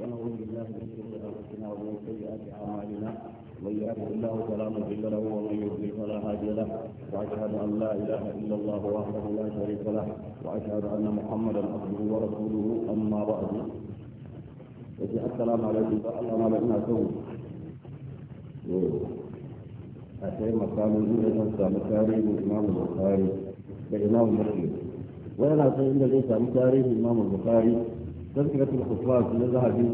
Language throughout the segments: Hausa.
ونعوذ بالله من شرور انفسنا ومن سيئات اعمالنا من يهده الله فلا مضل له ومن يضلل فلا هادي له واشهد ان لا اله الا الله وحده لا شريك له واشهد ان محمدا عبده ورسوله اما بعد السلام عليكم الله ما لنا سوء a taimaka mun zai zan samu tarihin imamu bukari da imamu muslim wai yana son inda tazkiratul hufaz na zahabi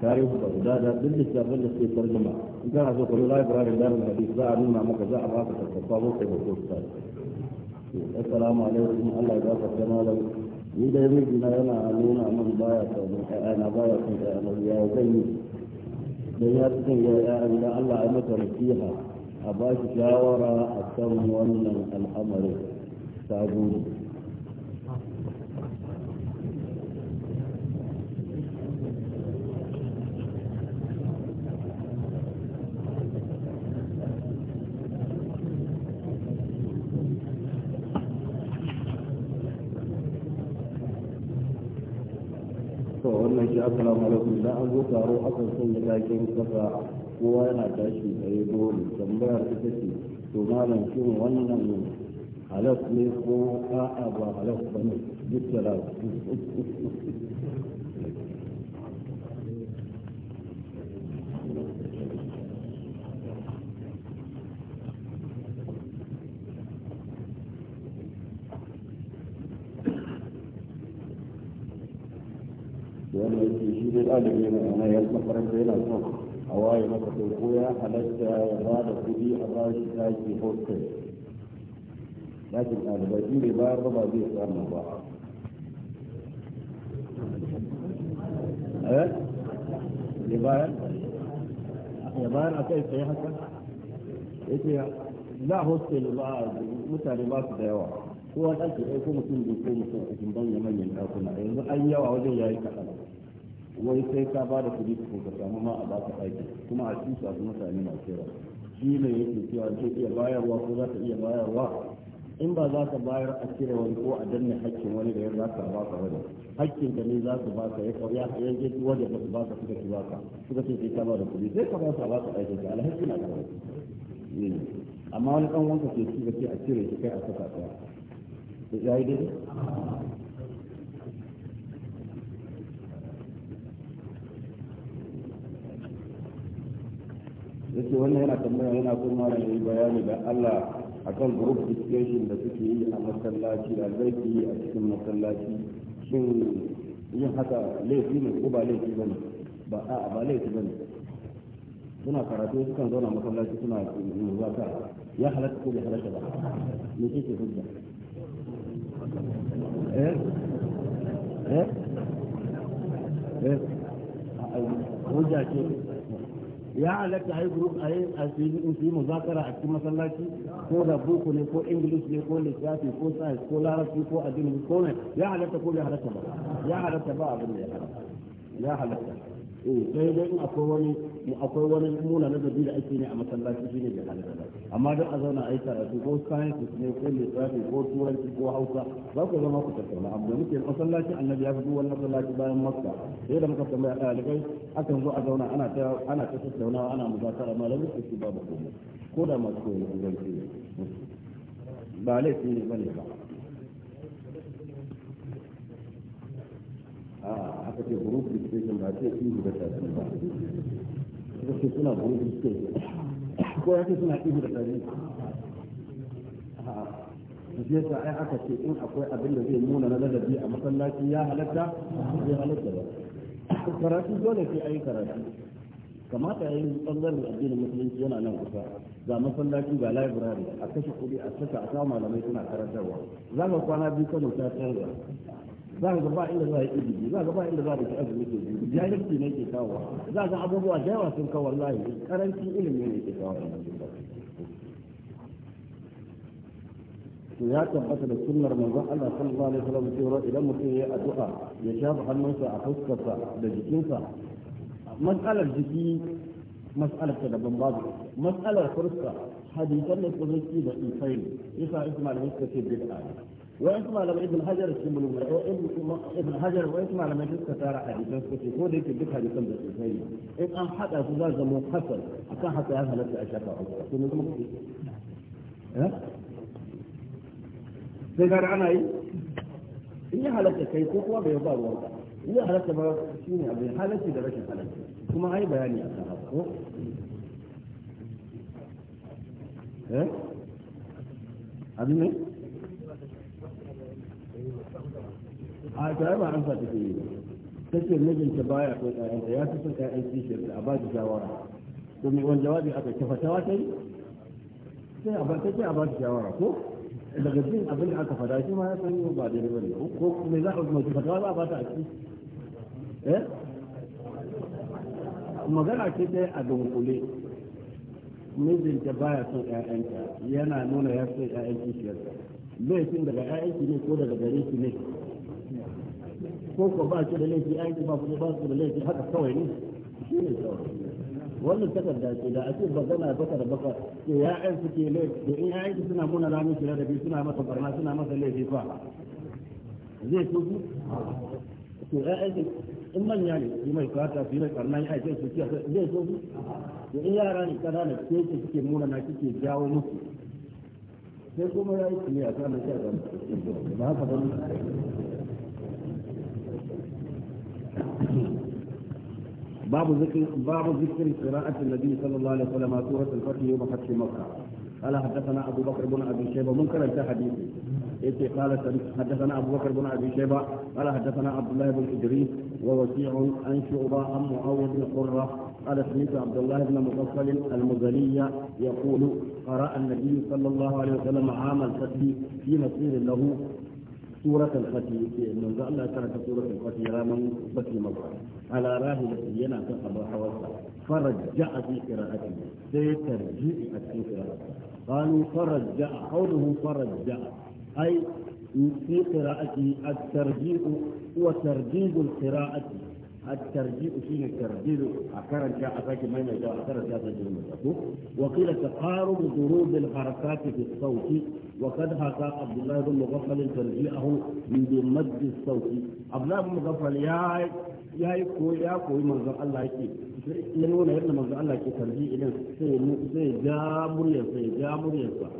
tarihi da gudada duk littafin da suke tarjuma in kana so ka zo da hadisi za a nuna maka za a baka tattafa ko kai ba sai assalamu alaikum Allah ya gafarta malam ni da miji na yana nuna min baya son ana baya son ana ya zan yi dan ya cikin ya ya da Allah ya a ba shawara a wannan al'amarin sabu ce assalamu alaikum idan an zo taro akan sanya takin kasa kowa yana tashi ya dole tambayar ta ce to malam shin wannan halaf ne ko a'a ba halaf ba ne duk da ɗalibi mai mai yanzu makaranta yana son a waye maka ko ya halatta ya ba da kuɗi a ba shi ɗaki hostel ɗakin ɗalibai in bai bayar ba ba zai samu ba eh ya bayar ya bayar a kai sai haka yake za hostel ba mutane ba su da yawa kowa ɗaki ɗaya ko mutum biyu ko mutum a jimban ya manyan ɗakuna yanzu an yawa wajen ya yi kaɗan wai sai ka ba da kuɗi ko ka samu ma a baka aiki kuma a cikin su mutane masu kira shi ne yake cewa ke iya bayarwa ko za ka iya bayarwa in ba za ka bayar a cire wani ko a danne hakkin wani da ya za ka ba ka wani hakkin da ne za ka ba ka ya kauya ka yanke wajen ba ba ka suka ci ba ka suka ce sai ka ba da kuɗi sai ka ba ka ba ka aiki ka alhaji na kawai amma wani ɗan wanka ke ci ka ce a cire shi kai a saka ɗaya ya yi daidai yake wannan yana tambaya yana kuma da yi bayani da Allah akan group discussion da suke yi a masallaci da zai yi a cikin masallaci shin yin haka laifi ne ko ba laifi bane ba a ba laifi bane suna karatu sukan zauna masallaci suna muzaka ya halatta ko bai halatta ba me kike hujja eh eh eh hujja ce ya halatta a yi a yi muzakara a cikin masallaci ko da boko ne ko english ne ko lissafi ko science ko larabci ko addini ko ya halatta ko ya halatta ba ya halatta ba abin da ya halatta ya halatta Eh, sai dai akwai wani akwai wani muna na gabi da ake ne a masallaci shine bai halatta ba amma don a zauna a yi karatu ko science ne ko lissafi ko turanci ko hausa za ku zama ku tattauna amma muke masallacin annabi ya fi duwan masallaci bayan makka sai da muka tambaya ɗalibai akan zo a zauna ana ta ana ta tattaunawa ana muzakara malamin su su babu ko da masu koyon ba laifi ne bane ba a haka ce group discussion ba ce ihu da tafi ba suka ce suna group discussion ko ya ce suna ihu da tafi shi yasa ai aka ce in akwai abin da zai nuna na ladabi a masallaci ya halatta zai halatta ba karatu dole sai ayi karatu kamata ya yayin bangaren addinin musulunci yana nan kusa ga masallaci ga library a kashe kuɗi a saka a samu malamai suna karantarwa za ka kwana biyu kano ta canza za ka ba inda za a yi izini za ka ba inda za ka ci azumi ke biyu jahilci ne ke kawo za ka abubuwa da yawa sun kawo wallahi karanci ilimi ne ke kawo to ya tabbata da sunnar manzon Allah sallallahu alaihi wasallam cewa idan mutum ya addu'a ya shafa hannunsa a fuskarsa da jikinsa matsalar jiki matsalar ta daban babu matsalar fuska hadisan da suka zo da ifai yasa isma'il da suka ce bid'a ويسمع لما ابن هجر يسمى ابن حجر ويسمع لما يسمع تارا حديثا سكتي هو ديك بك حديثا بسيطين إن أن حتى فزاز منحصر أكان حتى هذا لك أشكا أخرى كنا نسمع ها؟ سيدار عنا إيه؟ إيه حالك كي تقوى بيضاء الوضع إيه حالك ما شيني أبي حالك إذا رشي حالك ثم أي بياني أكان هذا ها؟ أبي a tare ba an fata ke yi ta ce mijinta baya ko ɗayanta ya fi son ɗayan kishiyarta a ba ta shawara to mai wani jawabi aka kafa ta wata yi sai a ba ta ce a ba ta shawara ko daga jin abin da aka fada shi ma ya san yau ba da ribar ne ko me za a mace fatawa za a ba ta a ciki eh magana ce ta a dunkule mijinta baya son ƴaƴanta yana nuna ya son ƴaƴan kishiyarta laifin daga ƴaƴanki ne ko daga gare ki ne ko ko ba shi da laifi ai ba ku ba ku da laifi haka kawai ne shi ne wannan takarda ce da ake bagana baka da baka ke ya'yan su ke laifi da in ya su suna muna ramin shi da suna masa barna suna masa laifi fa zai tuku to ya'yan su in manya ne su mai fata su mai karna ya ake su kiyar zai tuku da in yara ne kada ne ke ke kike muna na kike jawo musu sai kuma ya yi kiyar ta na kiyar ba haka ba باب ذكر باب ذكر قراءة النبي صلى الله عليه وسلم سورة الفتح يوم فتح مكة قال حدثنا أبو بكر بن أبي شيبة منكر أنت حديثي إيه قال حدثنا أبو بكر بن أبي شيبة قال حدثنا عبد الله بن إدريس ووسيع عن شعبة عن معاوية بن قرة قال سمعت عبد الله بن مفصل المزني يقول قرأ النبي صلى الله عليه وسلم عام الفتح في مسير له سورة الفتي من ذا الله سورة الفتي راما بكي مضى على راه ينا تقبل حوالها فرجع في قراءته سيترجع في قراءته قالوا فرجع قوله فرجع أي في قراءته الترجيع هو ترجيع القراءة الترجيء فيه الترجيل أكرا جاء أساك ما يجاء أكرا جاء أساك وقيل تقارب ضروب الحركات في الصوت وقد حكى عبد الله بن مغفل ترجيعه بمد الصوت عبد الله بن مغفل يا ya yi koyi ya koyi manzon Allah yake ya nuna yadda manzon Allah ke tarbi idan sai sai ja muryar sai ja muryar sa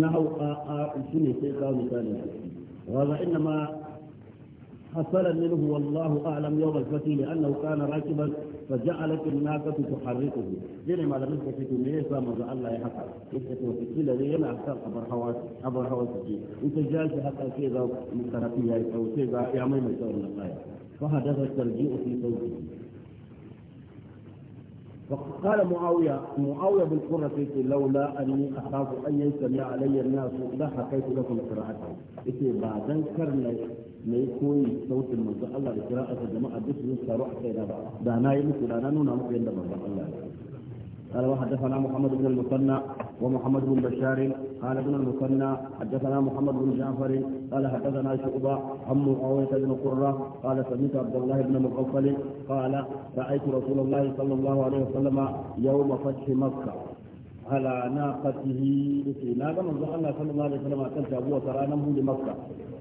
na hau a a shine sai ka misali ma حصل منه والله أعلم يوم الفتح لأنه كان راكبا فجعلت الناقة تحركه دين ما لم يكن في ميسا ما الله يحقق يكتب في كل ذين أحسن أبر حواس عبر حواس انت جالس حتى كذا مسترفية أو كذا يعمل من سور النقاية فحدث الترجيع في صوته فقال معاوية معاوية بالقرة لولا أني أخاف أن يسمع علي الناس لحقيت لكم قراءته إتي بعد كرني na yi koyi sautin manzo Allah da kira jama'a duk sun a kai ba da na yi muku da na nuna muku yadda manzo Allah قال وحدثنا محمد بن المثنى ومحمد بن بشار قال ابن المثنى حدثنا محمد بن جعفر قال حدثنا شعبة عن معاوية بن قرة قال سمعت عبد الله بن مغفل قال رأيت رسول الله صلى الله عليه وسلم يوم فتح مكة على ناقته في ناقة من الله صلى الله عليه وسلم كان أبوه ترانه لمكة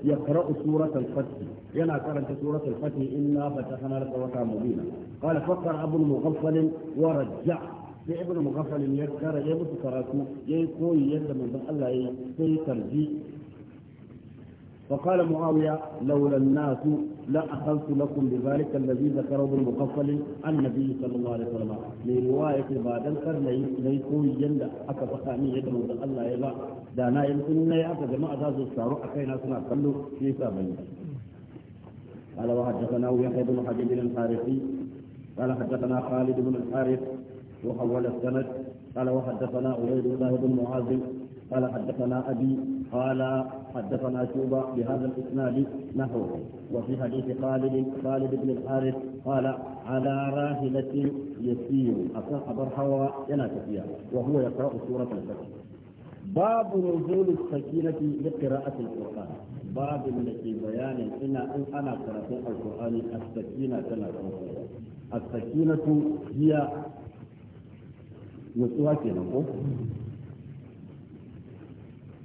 يقرأ سورة الفتح ينا قرأت سورة الفتح إنا فتحنا لك وكا مبينا قال فقر أبو المغفل ورجع في ابن المغفل يذكر يبس كراته يقول يد من الله في ترجيع فقال معاوية لولا الناس لا لأخذت لكم بذلك الذي ذكره ابن مقفل عن النبي صلى الله عليه وسلم من رواية بعد القرن ليكون يندى أكا فخامي يدعو الله يبا دانا يمكن أن يأتى جماعة ذات الشعر أكينا سنة قلوا في سابين قال وحدثنا يحيى بن حبيب الحارثي قال حدثنا خالد بن الحارث وحول السند قال وحدثنا عبيد الله بن معاذ قال حدثنا أبي قال حدثنا شوبة بهذا الإسناد نحوه وفي حديث خالد خالد بن الحارث قال على راحلة يسير أصحاب برحوى انا تفيا وهو يقرأ سورة الفتح باب نزول السكينة لقراءة القرآن باب التي بيان إن إن أنا قرأت القرآن السكينة كما السكينة هي نسوة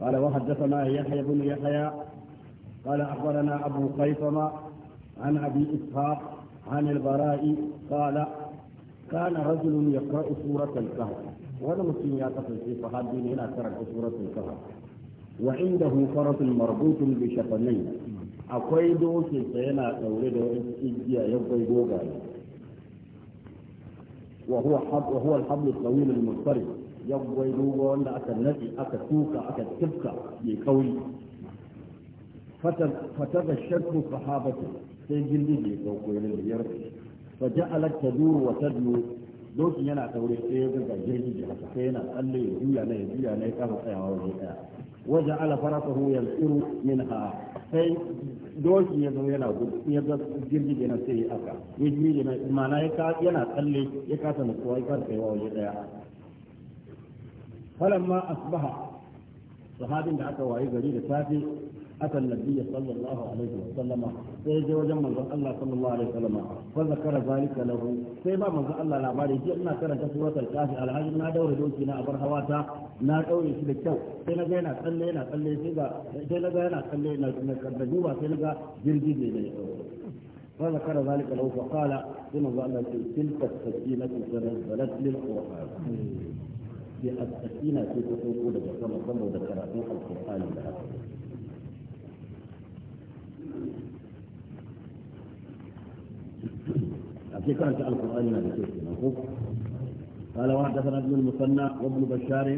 قال وحدثنا يحيى بن يحيى قال أخبرنا أبو خيثمة عن أبي إسحاق عن البراء قال كان رجل يقرأ سورة الكهف ولا مسلم يعتقد في صحابي هنا ترك سورة الكهف وعنده فرس مربوط بشفنين akwai في سينا تولد إجيا يبقي wani وهو وهو الحبل الطويل wa ya gwai wanda aka nadi aka tuka aka tuka mai kauri fata da shakku sahabatu sai gindi ne ya sauko ya lulluwar fa ja'alat tadur wa tadlu dokin yana taure sai ya ga jirgi da haka sai yana tsalle ya juya na ya juya na ya kama tsayawa wajen daya waje ala farasahu yansiru minha sai dokin ya zo yana gudu ya ga jirgi yana sai aka ya jirgi yana mana ya yana tsalle ya kasa nutsuwa ya kasa tsayawa daya فلما أصبح صحابي دعك وعيد غريب سافي أتى النبي صلى الله عليه وسلم سيجي وجم من الله صلى الله عليه وسلم فذكر ذلك له سيما من الله لعباري جي ما كرة سورة الكافي على هذه ما دور دوكينا أبر هواتا ما دوري في الكو سينا جينا تلينا تلي سيبا سينا جينا تلينا نجوبا سينا جلدي جينا فذكر ذلك له فقال ثم الله تلك السكينة تنزلت للقرآن في قد تكينا في حقوق أولى بسم الله وذكر في القرآن الآخر في كان في القرآن الذي كيف ينقف قال وحدثنا ابن المثنى وابن بشار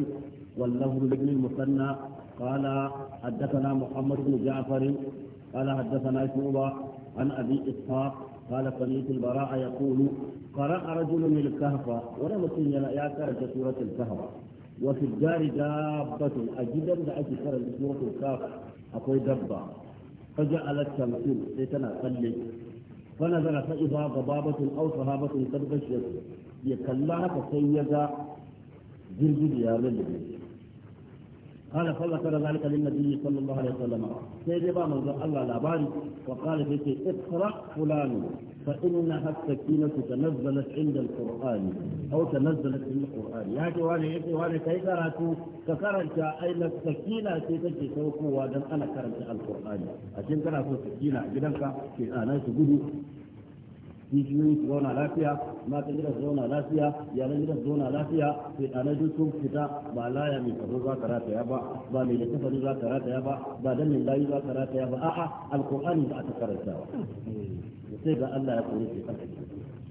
واللفظ لابن المثنى قال حدثنا محمد بن جعفر قال حدثنا الله عن أبي إسحاق قال قريه البراء يقول قرأ رجل من الكهف ولم يكن يا كرت سورة الكهف وفي الدار دابة أجدا لأجل كرت سورة الكهف أقول دابة فجعلت تمثيل ليتنا قلت فنزل فإذا ضبابة أو صهابة قد بشرت يكلها فسيد جلد يا رجل قال فذكر ذلك للنبي صلى الله عليه وسلم سيدنا من الله لاباري وقال في اقرأ فلان فإنها السكينة تنزلت عند القرآن أو تنزلت عند القرآن يا جواني يا جواني كي قرأتوا كقرأت أين السكينة تتجي سوقوا ودم أنا قرأت القرآن عشان قرأتوا السكينة جدنك في آنات جدو jijiyoyi su zauna lafiya matan gida su zauna lafiya yaran gida su zauna lafiya sai ɗanar duk sun fita ba laya mai kaso za ka rataya ba ba mai littafari za ka rataya ba ba dan mai layi za ka rataya ba a'a alkur'ani ba a ta karanta ba sai ga Allah ya kore shi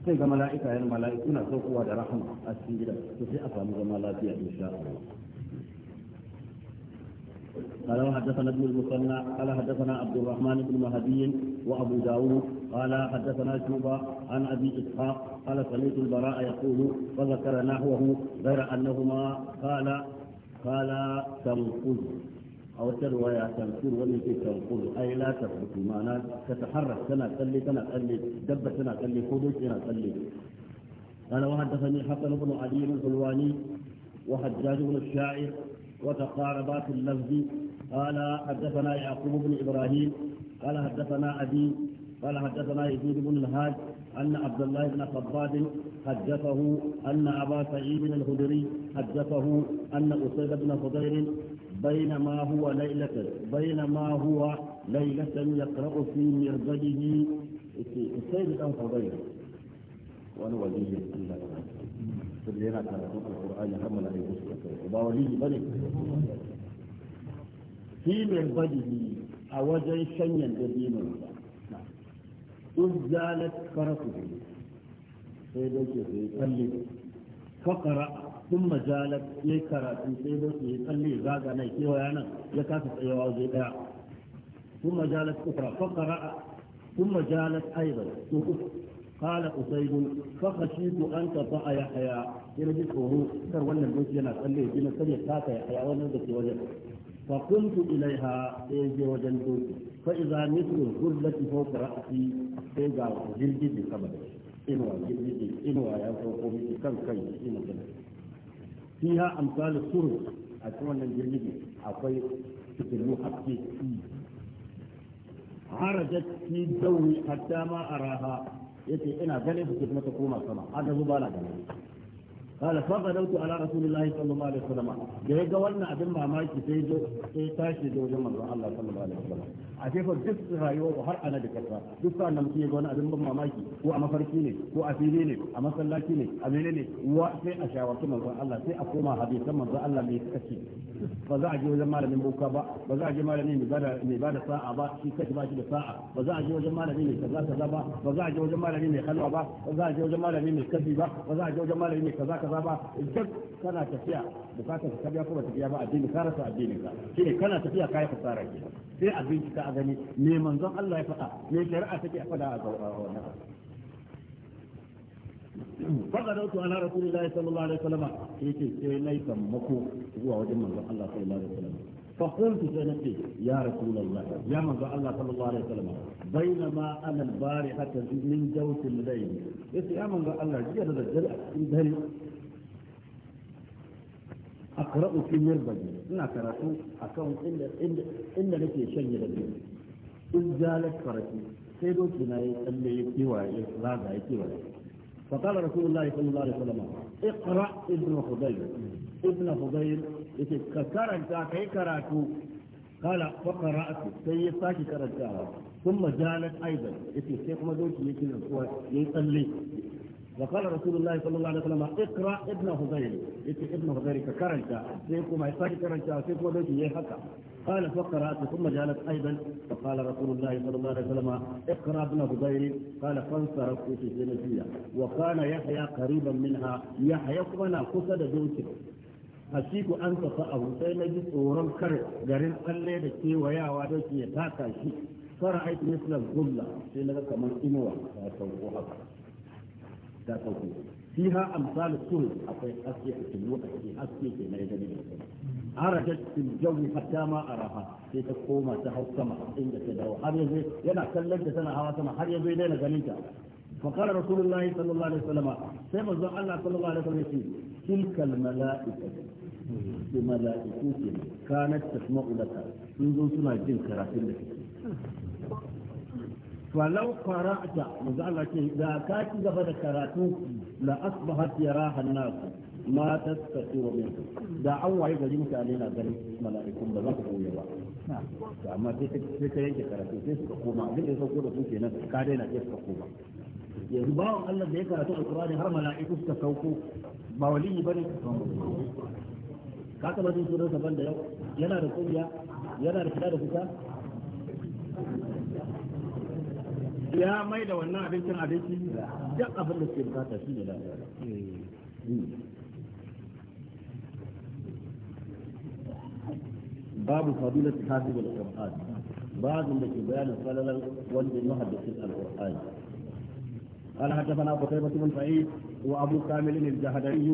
sai ga mala'ika yan mala'iku na saukowa da rahama a cikin gidan to sai a samu zama lafiya insha Allah قال حدثنا ابن المثنى قال حدثنا عبد الرحمن بن مهدي وابو داود قال حدثنا شوبة عن ابي اسحاق قال سمعت البراء يقول وذكر نحوه غير انهما قال قال تنقذ أو ترواية تنقل في تنقل أي لا تثبت معنى تتحرك سنة تلي سنة تلي دب سنة تلي خدوش سنة تلي قال وحدثني حسن بن علي الحلواني وحجاج بن الشاعر وتقاربات اللفظ قال حدثنا يعقوب بن إبراهيم قال حدثنا أبي قال حدثنا يزيد بن الهاج أن عبد الله بن خباب حدثه أن أبا سعيد الخدري حدثه أن أسيد بن خضير بينما هو ليلة بينما هو ليلة يقرأ في مربده إيه، أسيد بن خضير وأنا وزير الله tunda yana karatun alkur'ani har mala'iku suka kai ba waliyi bane fi min badihi a wajen shanyan dabinin sa uzzalat faratuhu sai da ke sai kalli fakara thumma jalat ya karatu sai da ke kalli zaga nan kewaya nan ya kasa tsayawa waje daya thumma jalat ukra fakara thumma jalat aidan قال أسيد فخشيت أن تطع يحيى إلى جسره كر ولا البيت ينا صلي بما سمي كاتا يحيى وانا بك وجد فقمت إليها إيجي وجنبوك فإذا نسل الغربة فوق رأسي إيجا جلدي بكبد إنوى جلدي إنوى يا فوق كم كي إنوى فيها أمثال السر أتوانا الجلدي أقوي تكلمو حقي عرجت في dauri حتى ما أراها yace ina ganin ku kuma ta koma sama haka zuba na ganin قال فضلت على رسول الله صلى الله عليه وسلم جاي جولنا ابن ماماك سي جو سي تاش جو جمع الله صلى الله عليه وسلم اجيب دف رايو وهر انا دك فا دف انا مكي جون ابن ماماك هو اما فرقي هو افيني ني اما سلاكي ني امين ني هو سي اشاورت من الله سي اقوم حديث من الله مي كتي فزا اجيب جمع من بوكا با فزا اجيب مال ني بدا ني بدا ساعه با سي كتي با جي ساعه فزا اجيب جمع مال ني كذا كذا با فزا اجيب جمع مال ني خلوا با فزا اجيب جمع مال با فزا اجيب جمع كذا kaza ba duk kana tafiya bukatar ka biya ko ba tafiya ba addini ka rasa addini ka shine kana tafiya kai fasara ke sai abin ka a gani me manzon Allah ya faɗa me shari'a take faɗa a wannan فغدوت على رسول الله صلى الله عليه وسلم يجي سي ناي سمكو هو وجه منزل الله صلى الله عليه وسلم فقلت سنتي يا رسول الله يا منزل الله صلى الله عليه وسلم بينما انا البارحه من جوف الليل يا منزل الله جيت هذا aqra'u fi mirbaji ina karatu a inda inda nake shanye da biyu in jalat farati sai doki na yi tsalle ya kiwaye raga ya kiwaye fa qala rasulullahi sallallahu alaihi wasallam iqra ibn hudayr ibn hudayr yake ka karanta kai karatu قال فقرأت سي ساكي كرتها ثم جالت أيضا يتي سيكما دوكي يتي tsalle. وقال رسول الله صلى الله عليه وسلم اقرا ابن هذيل ابن هذيل كرنتا سيكو ما يفاك كرنتا سيكو يا يحكى قال فقرات ثم جالت ايضا فقال رسول الله صلى الله عليه وسلم اقرا ابن هذيل قال فانصرف في سنتي وكان يحيى قريبا منها يحيى كما قصد دوتي hasiku an tafi abu sai na ji tsoron kar garin tsalle da kewayawa don ya taka shi fara aiki mislan gulla sai na ga kamar inuwa sauko haka ta sauko fiha amsal sul akwai haske a cikin lokaci haske ke na yadda ne harajat fil jawi hatta ma araha sai ta koma ta hau sama inda ta dawo har yanzu yana kallon ta tana hawa sama har yanzu yana ganin ta فقال رسول الله صلى الله عليه وسلم سيما الله صلى الله عليه وسلم تلك الملائكة الملائكة كانت تسمع لك منذ سنة جنك رسول falau qara'ta manzo Allah ce da ka ci gaba da karatu da asbahat yaraha an-nas ma tastatiru min da an waye gari mutane na ganin mala'ikun ba za ku koya ba to amma sai ka yanke karatu sai suka koma abin da ya sauko da su kenan ka daina sai suka koma yanzu bawan Allah da ya karatu alqur'ani har mala'iku suka sauko ba waliyi ne. ka taba jin sunan sa da yau yana da kungiya yana da fita da fita ya mai da wannan abincin abinci duk abin da ke bukata shi ne da hmm. babu ta hadhihi da quran babu da ke bayanin falalar wanda ya haddace al-qur'an قال حدثنا قتيبة بن سعيد وأبو كامل الجهدري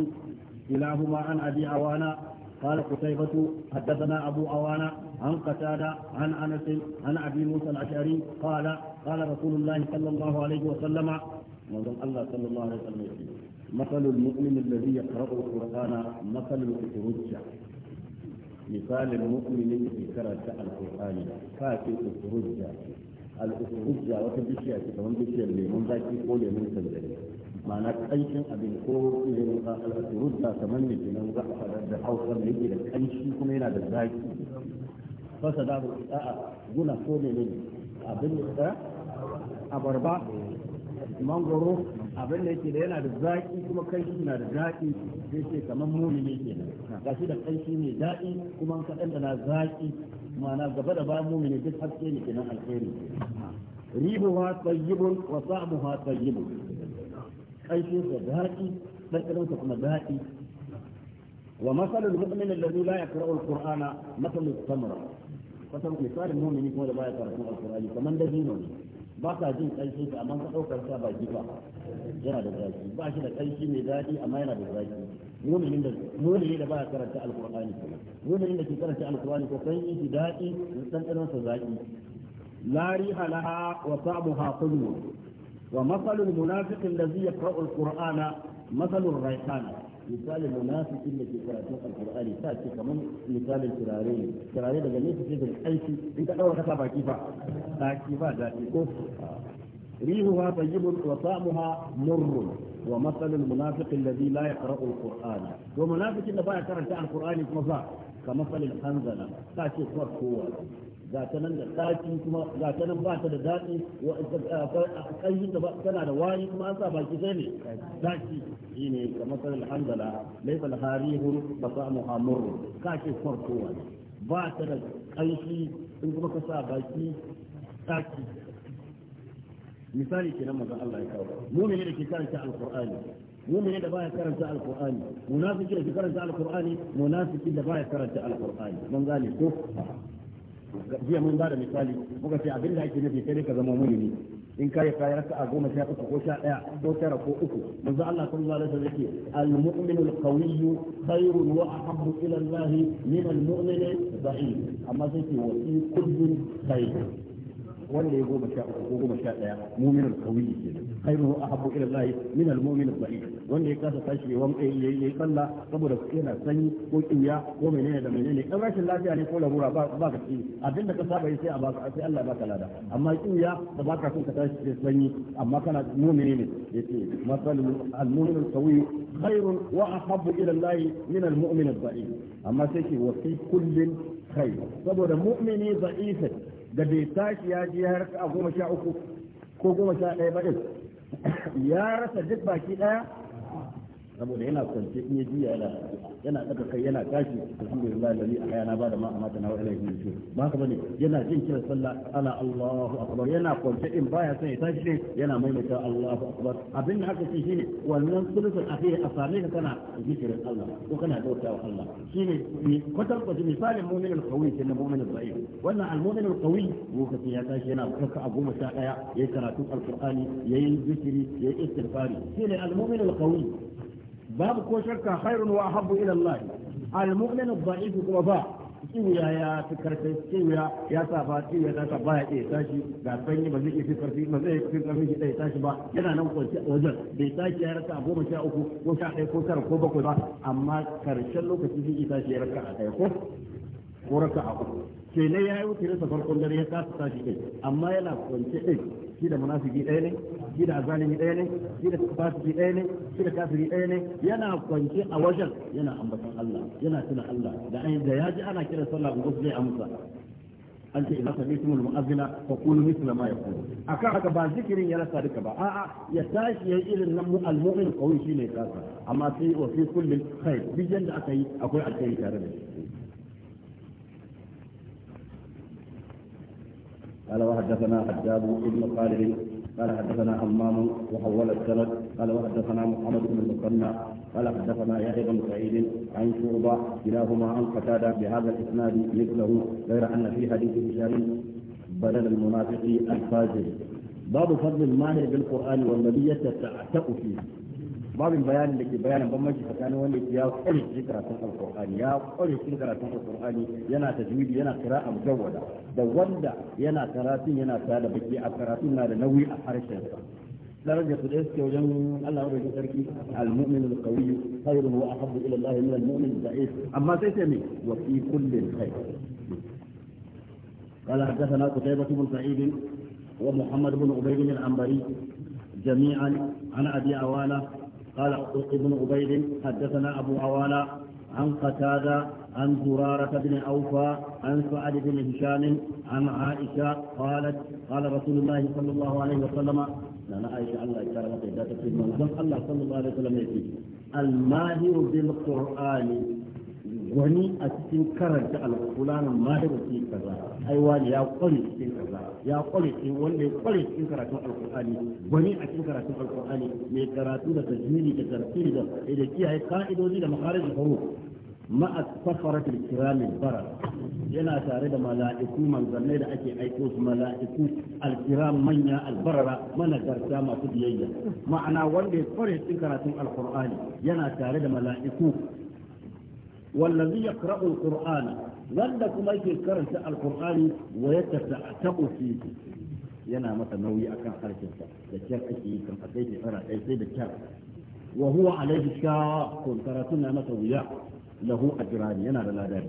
كلاهما عن أبي عوانة قال قتيبة حدثنا أبو أوانا عن قتادة عن أنس عن أبي موسى الأشعري قال قال رسول الله صلى الله عليه وسلم وزن الله صلى الله عليه وسلم مثل المؤمن الذي يقرأ القرآن مثل الأسرجة مثال المؤمن الذي قرأ القرآن فاتي أسرجة الأسرجة وتبشية كمان اللي من ذاك يقول من سنجري ma'ana ƙanshin abin ko irin rudda kamar ne kenan za a fara da hausa mai yake da ƙanshi kuma yana da zaki fasa da a'a guna ko ne ne abin da abarba mangoro abin da yake da yana da zaki kuma kanshi na da zaki. zai ce kamar muni mumini kenan shi da kanshi mai daɗi kuma kaɗan da na zaki ma'ana gaba da muni ne duk haske ne kenan alheri ribuha tayyibun wa sa'muha tayyibun ƙanshin sa daɗi sa kuma wa masalul mu'min alladhi la yaqra'u al-qur'ana samra kasan mu'mini kuma da baya karatun al-qur'ani kaman da ne ba ka jin ƙanshin sa amma ka ɗaukar sa baki ba yana da zaki ba shi da ƙanshi mai daɗi amma yana da zaki mu'minin da mu'mini da baya al-qur'ani mu'minin da ke karanta al-qur'ani ko kan yi daɗi sa zaki wa ومثل المنافق الذي يقرأ القرآن مثل الريحان مثال المنافق الذي يقرأ القرآن تأتي كمان مثال الكرارين كرارين لما يجي في الحيث انت أول كتابة كيفا كيفا ذات ريحها طيب وطعمها مر ومثل المنافق الذي لا يقرأ القرآن ومنافق الذي لا يقرأ القرآن كمثل الحنزلة تأتي فرق ga ta nan da tsaki kuma ga ta nan ba ta da daɗi ƙanshin da tana da wari kuma an sa baki sai ne tsaki shi ne ga masar alhamdala laifin harihun ba sa muhammuru ka ce farko wani ba ta da ƙanshi in kuma ka sa baki tsaki misali kenan mazan Allah ya kawo mu ne da ke karanta alƙur'ani mumin da baya karanta alqur'ani munafiki da ke karanta alqur'ani munafiki da baya karanta alqur'ani mun gane ko jiya mun ba da misali muka ce abinda ake nufi sai ka zama mumini in kai ka yi raka'a goma sha uku ko sha ɗaya ko tara ko uku manzo Allah sallallahu alaihi wasallam yake al-mu'minu al-qawiyyu khayrun wa ahabbu ila Allah min al-mu'mini dha'if amma sai ke wasi kullun khayrun wanda ya goma sha uku ko goma sha ɗaya muminul kawiyi kenan khairuhu ahabbu ila Allah min al mu'min al wanda ya kasa tashi ya wanka ya yi sallah saboda yana sanyi ko kiya ko menene da menene dan rashin lafiya ne ko larura ba ka ci abin da ka saba yi sai a baka sai Allah baka lada amma kiya da baka son ka tashi sanyi amma kana mu'mini ne yace masalul al mu'min al qawi wa ila min al amma sai ki wa fi kullin khair saboda mu'mini dha'if da bai tashi ya je har a goma sha uku ko goma sha ɗaya ba ɗin ya rasa duk baki ɗaya saboda yana kwance in ya juya yana yana daga kai yana tashi alhamdulillah da a yana ba da ma amatana wa ilayhi nusur ba ka bane yana jin kira sallah ala Allahu akbar yana kwance in baya son ya tashi ne yana maimaita Allahu akbar abin da haka shi ne wannan sulusun akhiri a same ka kana zikirin Allah ko kana dauka wa Allah shi ne ni kwatar kwatar misalin mu'min al-qawi ke na mu'min al-da'if wannan al-mu'min al-qawi lokaci ya tashi yana kaka a goma sha daya yayi karatun alqur'ani yayi zikiri yayi istighfari shine al-mu'min al-qawi babu ko shakka khairun wa habbu ila Allah al-mu'min ad-da'if kuma ba kiwiya ya fi karfin kiwiya ya sa ba kiwiya ta sa baya ke tashi ga sanyi ba zai iya fi karfi ba zai fi karfin shi ɗaya tashi ba yana nan kwanci a wajen bai tashi ya raka goma sha uku ko sha ɗaya ko tara ko bakwai ba amma karshen lokaci zai iya tashi ya raka a ɗaya ko ko raka a uku kenan ya yi wuce da farkon dare ya kasa tashi kai amma yana kwance ɗin shi da munafiki ɗaya ne shi da azalimi ɗaya ne shi da fasiki ɗaya ne shi da kafiri ɗaya ne yana kwance a wajen yana ambatan Allah yana tuna Allah da an da yaji ana kiran sallah ko zai amsa an ce idan sami'tum al-mu'azzina fa qulu mithla ma yaqulu akan haka ba zikirin ya rasa duka ba a'a ya tashi yayi irin nan al-mu'min kawai shine kasa amma sai wa fi kullin khair bijan da aka yi akwai alkhairi tare da shi قال وحدثنا حجاب بن خالد قال حدثنا حمام وحول السند قال وحدثنا محمد بن المثنى قال حدثنا يحيى بن سعيد عن شعبة كلاهما عن قتادة بهذا الإسناد مثله غير أن في حديث هشام بدل المنافق الفاجر باب فضل الماهر بالقرآن والنبي تعتق فيه babin bayanin da ke bayanin bambanci tsakanin wanda ya kware cikin karatun alkur'ani ya kware cikin karatun alkur'ani yana tajwidi yana qira'a mujawwada da wanda yana karatun yana tsaya da baki a karatun na da nauyi a harshen sa daraja su ɗaya suke wajen Allah wajen sarki al-mu'min al-qawi khairun wa ahabbu ila Allah min al-mu'min al-da'if amma sai sai me wa fi kulli khair قال حدثنا قتيبة بن سعيد ومحمد بن عبيد العنبري جميعا عن ابي عوانه قال بن عبيد حدثنا أبو عوانة عن قتادة عن زرارة بن أوفى عن سعد بن هشام عن عائشة قالت قال رسول الله صلى الله عليه وسلم لا عائشة الله كرمت إذا تكلم الله صلى الله عليه وسلم الماهر بالقرآن wani a cikin karanta alƙulanin mahaifaci kaza ai wani ya kware cikin kaza ya kware cikin wanda ya kware cikin karatun alƙulani wani a cikin karatun alƙulani mai karatu da tajmili da tartili da da kiyaye ka'idoji da maharij huruf ma'a safaratul kiramil bara yana tare da mala'iku manzannai da ake aiko su mala'iku alkiram manya albarara managarta masu biyayya ma'ana wanda ya kware cikin karatun alkur'ani yana tare da mala'iku والذي يقرأ القرآن لكم أي كرنت القرآن ويتتعتق فيه yana masa nauyi akan harshensa da kyar ake yi kan kasai ke tsara kai sai da kyar wa huwa alaihi shaqun karatu na masa wuya lahu ajrani yana da yana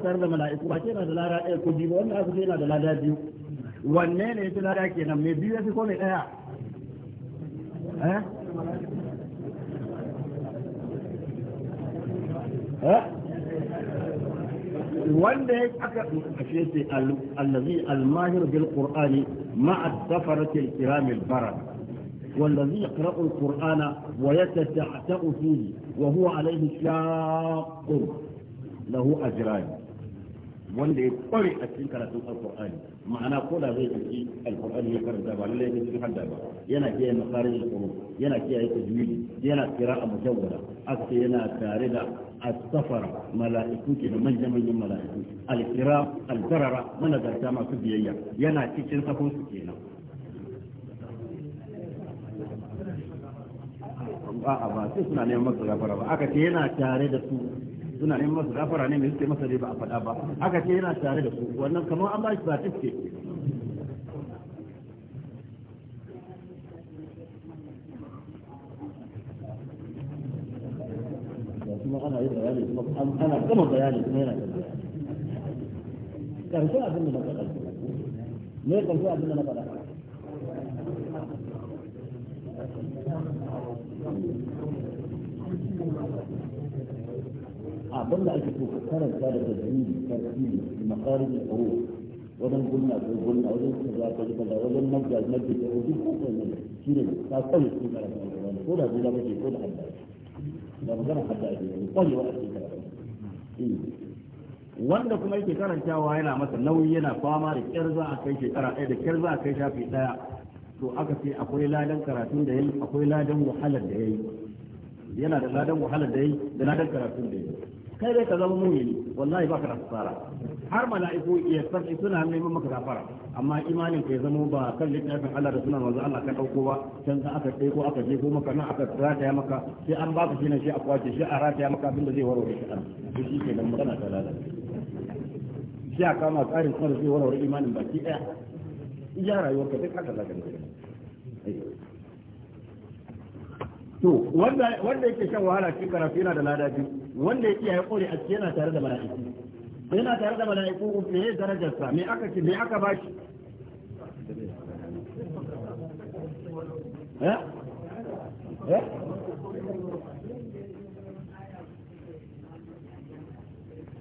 da lada ɗaya ko biyu yana da lada kenan ɗaya wanda ya aka kashe sai allazi almahir bil qur'ani ma'a safaratil kiramil barak والذي يقرأ القرآن ويتتعتع فيه وهو عليه شاق له أجران wanda ya kware a cikin karatun alkur'ani ma'ana ko da zai tafi alkur'ani ya karanta ba lallai ne cikin hadda ba yana kiyaye masarin alkuru yana kiyaye tajwidi yana kira a mujawwara aka yana tare da as mala'iku ke da manyan manyan mala'iku al-kira al da manazarta masu biyayya yana cikin safon su kenan a'a ba sai suna neman masa gafara ba aka ce yana tare da su suna neman masa gafara ne mai suke masa ba a faɗa ba aka ce yana tare da su wannan kamar an ba shi certificate kuma ana ne abin da na faɗa abin da ake so ka karanta da tajwidi tartibi maqarid al-huruf wajen ko wajen ko wajen ne shi ne ka kawai su ko da ko da hadda da magana hadda ake yi wa ake wanda kuma yake karantawa yana masa nauyi yana fama da kyar za a kai shekara ɗaya da kyar za a kai shafi ɗaya to aka ce akwai ladan karatun da yayi akwai ladan wahalar da yayi yana da ladan wahalar da yayi da ladan karatun da yayi kai dai ka zama mumini wallahi baka da tsara har mala'iku ya sarki suna neman maka zafara amma imanin ka ya zama ba kan littafin Allah da sunan manzo Allah ka dauko ba can ka aka ko aka je ko maka nan aka ya maka sai an baka shi nan shi a kwace shi a ya maka abinda zai warware shi da shi ke nan magana ta lalata shi a kama tsarin kuma zai warware imanin baki daya iya ka duk haka zaka yi to wanda wanda yake shan wahala cikin karatu yana da lada biyu wanda yake yayi kore a cikin yana tare da mala'iku yana tare da mala'iku me ya darajar sa me aka ce me aka ba shi eh eh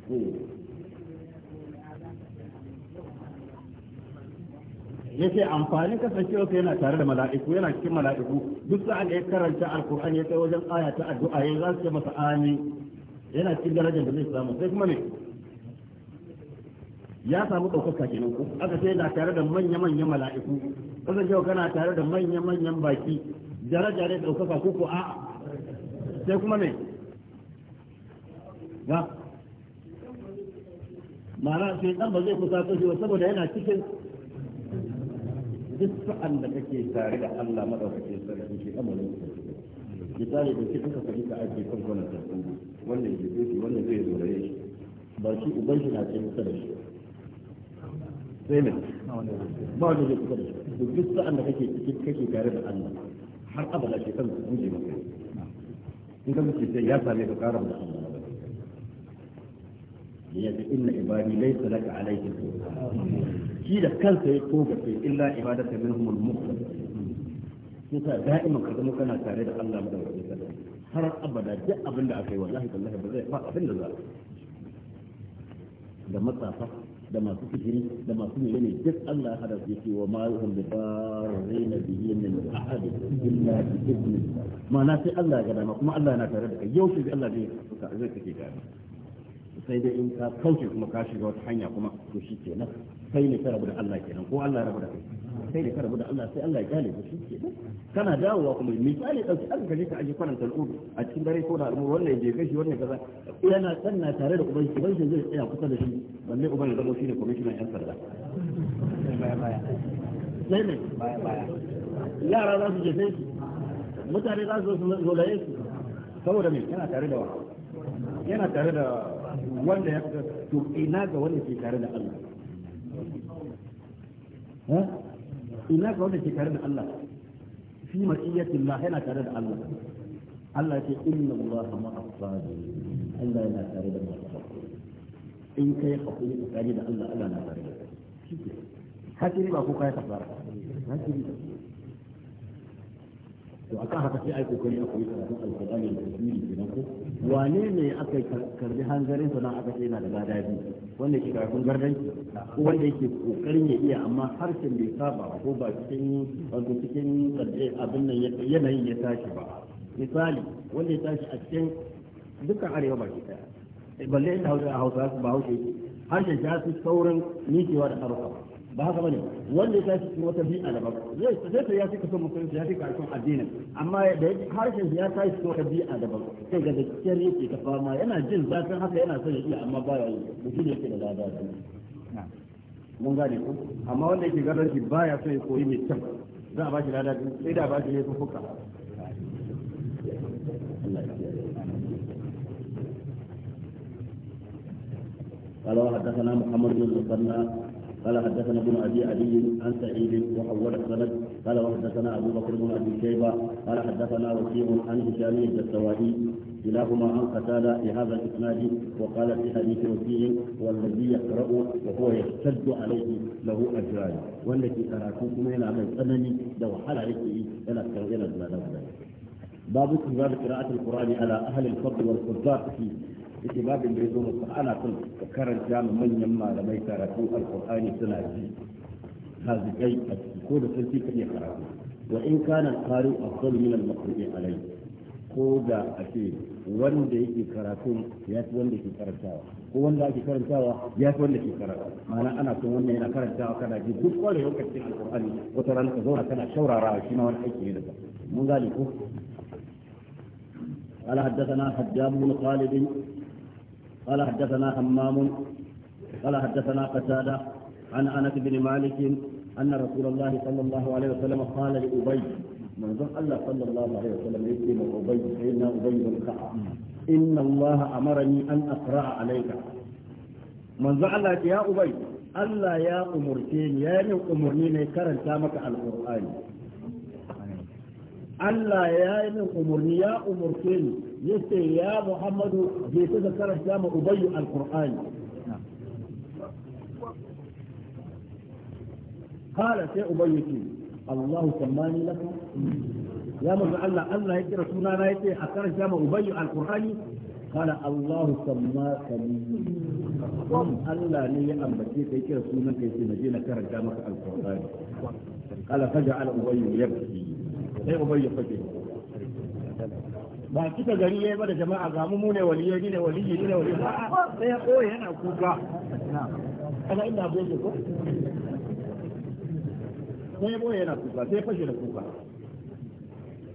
Hmm. ya ce amfani kasancewa yana tare da mala'iku yana cikin mala'iku duk sa'an da ya karanta alkur'an ya kai wajen aya ta addu'a ya za su ce masa amin yana cikin darajar da zai samu sai kuma ne ya samu ɗaukaka kenan ko aka ce yana tare da manya-manyan mala'iku kasancewa kana tare da manya-manyan baki daraja ne ɗaukaka ko ko a'a sai kuma ne ga mara sai dan ba zai kusa kashi saboda yana cikin duk sa'an da kake tare da Allah madaukakin sarki shi amalin da shi aka faɗi ka ake kan wannan wannan wannan zai zore shi ba shi uban shi na kusa da shi sai ne ba wanda zai kusa da shi duk sa'an da kake cikin kake tare da Allah har abada shi kan guje maka in ka mutu sai ya same ka karar da Allah yadda inna ibadi laysa laka alayhi shi da kansa ya koga sai illa ibadaka minhum al-mukhlas yasa da'iman ka zama kana tare da Allah da wani har abada duk abin da aka yi wallahi wallahi ba zai ba abin da za da matsafa da masu fikiri da masu ne duk Allah ya hada su yake wa ma yuhum bi ne bihi min ahad illa bi idni na sai Allah ya ga dama kuma Allah yana tare da kai yau sai Allah zai zai kake gani sai dai in ka kauce kuma ka shiga wata hanya kuma to shi kenan sai ne ka rabu da Allah kenan ko Allah ya rabu da kai sai ne ka rabu da Allah sai Allah ya kyale ka shi kenan kana dawowa kuma misali ɗauki an kaje ka aje faranta al'udu a cikin dare ko da al'umma wannan ya je kai shi wannan kaza yana tsanna tare da ubanki ubanki zai tsaya kusa da shi balle uban ya zama shi ne kwamishinan yan sanda sai ne yara za su je sai mutane za su zo su zolaye su saboda me yana tare da wa yana tare da wanda ya fita to ina ga wanda ke tare da Allah ina ga wanda ke tare da Allah fi masiyyatin Allah yana tare da Allah Allah ce inna Allah ma sabirin Allah yana tare da masu in kai hakuri ka tare da Allah Allah na tare da kai hakiri ba ko kai ka kasara hakiri to akan haka sai ai kokari a koyi karatun alqur'ani da tafsiri nan ko wane ne aka karbi hanzarin sa nan aka ce yana da gada biyu wanda ke karatun gardanci ko wanda yake kokarin ya iya amma harshen bai saba ko ba cikin wato cikin abin nan yanayin ya tashi ba misali wanda ya tashi a cikin dukkan arewa ba ke daya eh, balle inda hausa a hausa ba hausa harshen shi saurin nikewa da haruka ba haka bane wanda ya shi cikin wata bi'a daban zai sai ta ya fi kasan musulunci ya fi kasan addini amma da harshen ya ta cikin wata bi'a daban sai ga gaskiyar yake ta fama yana jin zafin haka yana son ya iya amma ba ya yi mutum yake da lada mun gane ku amma wanda yake gadon shi baya son ya koyi mai kyau za a ba shi lada sai da ba shi ne fuka قال حدثنا محمد بن المثنى قال حدثنا ابن ابي عدي عن سعيد وحول السند قال وحدثنا ابو بكر بن ابي شيبه قال حدثنا وكيع عن هشام الدستوائي كلاهما عن قتال بهذا الإسناد وقال في حديث وكيع والذي يقرأ وهو يشتد عليه له أجران والتي أراكم هنا من أنني لو حل عليه إيه؟ إلى الى باب استجابه قراءة القرآن على أهل الفضل والقدار فيه yake babin da ya zo musu ana son ka karanta ma manyan malamai karatu alkur'ani suna ji hazikai a ciki ko da sarki ka iya karatu wa in kana qari afdal min al-maqru'i alai ko da ake wanda yake karatu ya fi wanda ke karantawa ko wanda ake karantawa ya fi wanda ke karatu ma'ana ana son wanda yana karantawa kana ji duk kwarai lokacin alkur'ani wata rana ka zauna kana shaurara shi ma wani aiki ne da mun gane ko قال حدثنا حجاب بن خالد قال حدثنا حمام قال حدثنا قتادة عن أنس بن مالك أن رسول الله صلى الله عليه وسلم قال لأبي من الله صلى الله عليه وسلم يسلم أبي سيدنا أبي بن كعب إن الله أمرني أن أقرأ عليك من الله يا أبي Allah ya umurce ni ya yi umurni ne karanta maka alƙur'ani Allah ya yi min umurni ya umurce ni yace ya muhammadu je ta da karanta ma ubayyu alqur'ani qala sai ubayyu ce allah sammani laka ya manzo allah allah ya kira suna na yace a karanta ma ubayyu alqur'ani qala allah sammaka li allah ne ya ambace kai kira sunan kai sai naje na karanta maka alqur'ani qala faja'al ubayyu yabki sai ubayyu fage ba kika gari yayi ba da jama'a ga mu ne ni ne ni ne waliyai ba sai ko yana kuka kana ina boye ko sai ko yana kuka sai fashe da kuka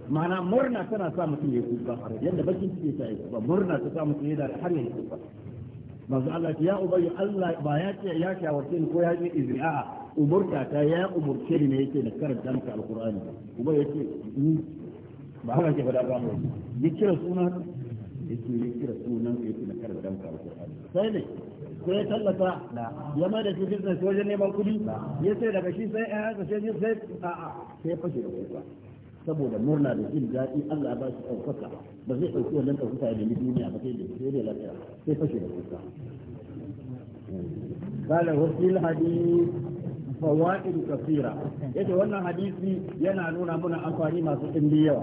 ma'ana murna tana sa mutum ya kuka yadda bakin ciki ta yi ba murna ta sa mutum ya da har ya kuka manzo Allah ya ubayi Allah ba ya ce ya shawarce ni ko ya ji izri'a umurta ta ya umurce ni ne yake da karanta alqur'ani ubayi yake ba haka ke faɗa ba mu ya kira sunan ya ce ya kira sunan ya ce na kar dan ka sai ne sai ya tallata ya mai da shi sai wajen neman kuɗi ya sai daga shi sai ya haka sai sai a a sai fashe da kuka saboda murna da jin daɗi Allah ba shi ɗaukaka ba zai ɗauki wannan ɗaukaka ya nemi duniya ba sai da sai da lafiya sai fashe da kuka قال وفي الحديث فوائد كثيرة يجي wannan hadisi yana nuna منا أفاني masu سئن بيوا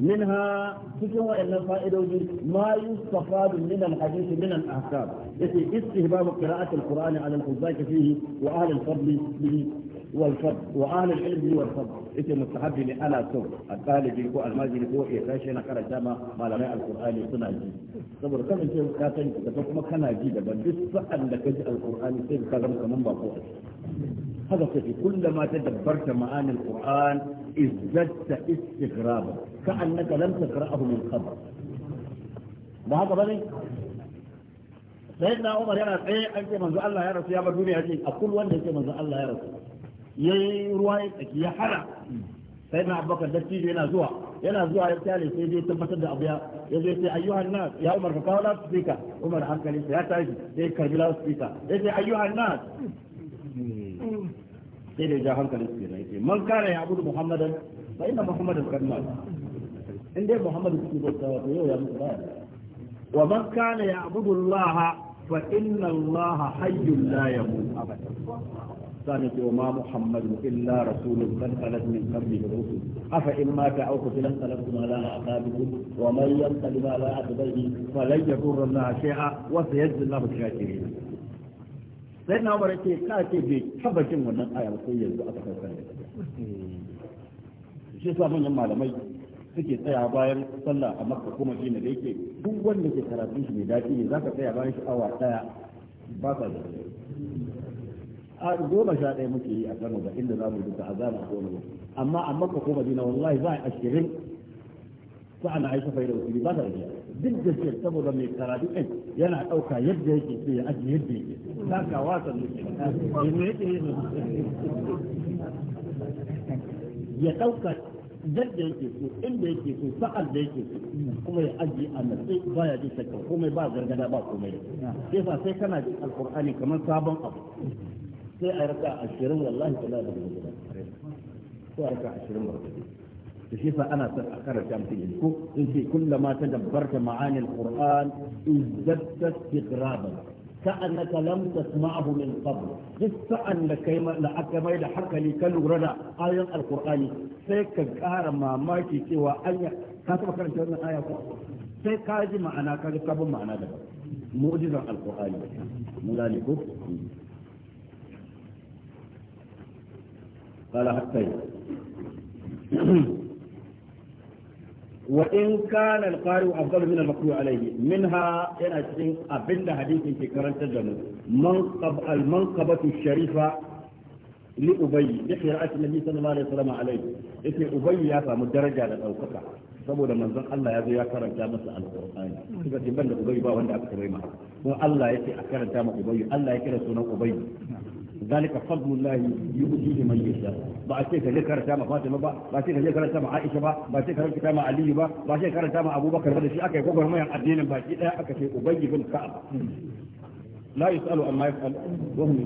منها تجوا إلا فائدة ما يستفاد من الحديث من الأحكام يعني استهباب قراءة القرآن على الحزاك فيه وأهل الفضل به والفضل وأهل العلم به والفضل أنت مستحب لألا سوء الطالب يقول الماجر يقول إيه خاشي نقر الجامعة ما لما القرآن يصنع جيد صبر كم إن شيء كاتن كتبك ما كان جيدا بس فعل لك القرآن يصير كلامك من بقوة هذا صحيح كلما تدبرت معاني القرآن ازددت استغرابا كأنك لم تقرأه من قبل وهذا بني سيدنا عمر يرى ايه انت من ذو الله يا رسول يا بردوني هذه اقول وانت انت من ذو الله يا رسول يا رواية يا حرع سيدنا عبد بكر ده تيجي هنا زوا هنا زوا يا تالي سيدي تم تبدا ابيا يا زيتي ايها الناس يا عمر فقال لا تسبيكا عمر عم كان يا تالي كربلاء تسبيكا يا ايها الناس Hmm. sai da ja hankalin su kenan yake man ya abudu muhammadan muhammadan in dai muhammadu kuke bauta to yau ya mutu ba wa man kana ya abudu allaha fa inna allaha hayyun la yamut abadan sai na umar ce ka ce bai taba jin wannan aya ba sai yanzu aka saukar da shi sa manyan malamai suke tsaya bayan sallah a makka kuma shi da yake duk wanda ke karatun shi mai daɗi ne za ka tsaya bayan shi awa ɗaya ba ka da a goma sha ɗaya muke yi a kano ga inda za mu duka a zama goma ba amma a makka kuma madina wallahi za a ashirin sa'an aisha fai da wasu ba ta da duk da ke saboda mai karatu ɗin yana ɗauka yadda yake ke ya ajiye yadda yake taka wasa ne yake ya ɗauka yadda yake so inda yake so sa'ar da yake so kuma ya ajiye a natsi baya ji shakka komai ba gargada ba komai sai fa sai kana jin alkur'ani kamar sabon abu sai a yarka ashirin wallahi ta da gudu sai a raka ashirin barkatai كيف انا ساقرا تمثيل انت كلما تدبرت معاني القران ازددت استغرابا كانك لم تسمعه من قبل قصة انك لحق ما يد حق لي كل ايه القران سيك قار ما ما سوى آية كتب كان جون ايه سيك كاجي معنا كاجي كاب معنا ده موجز القران مولانيكو قال حتى وإن كان القارئ أفضل من المقروء عليه منها أنا أتسين أبند حديث في كرن تجمع منقب المنقبة الشريفة لأبي لقراءة النبي صلى الله عليه وسلم عليه إذن أبي يا فهم الدرجة للأوقفة saboda manzon Allah ya zo ya karanta masa alqur'ani suka ce banda ubayy ba wanda aka kare ma kuma Allah yake a karanta ma ubayy Allah ya kira sunan ubayy ذلك فضل الله يؤتيه من يشاء باشي كان ذكر كما فاطمه با ذلك كان ذكر كما عائشه با ذلك كان ذكر كما علي با ذلك كان ذكر ابو بكر بعد شي اكاي كوغور ميان ادين باكي دا اكاي ابي بن كعب لا يسال عما يفعل وهم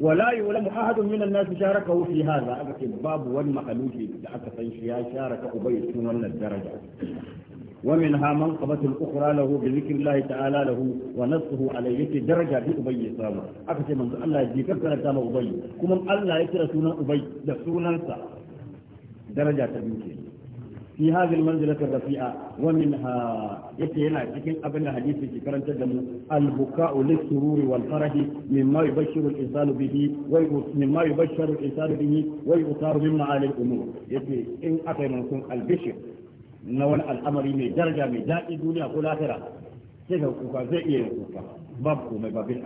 ولا يعلم احد من الناس شاركه في هذا اكاي باب والمخلوق دا اكاي شي شارك ابي بن ولا ومنها منقبة أخرى له بذكر الله تعالى له ونصه عليه يكي درجة بأبي سامة أكثر من الله يجيك كنا سامة أبي كما الله يكرا سونا أبي دسونا سا درجة تبيكي في هذه المنزلة الرفيعة ومنها يكي هنا لكن أبنى حديث في كرم تدم البكاء للسرور والفرح مما يبشر الإنسان به مما يبشر الإنسان به ويؤثار من معالي الأمور يكي إن أتى منكم البشر na wani al'amari mai daraja mai daɗi duniya ko lahira sai ka kuka zai iya yin kuka babu komai ba bin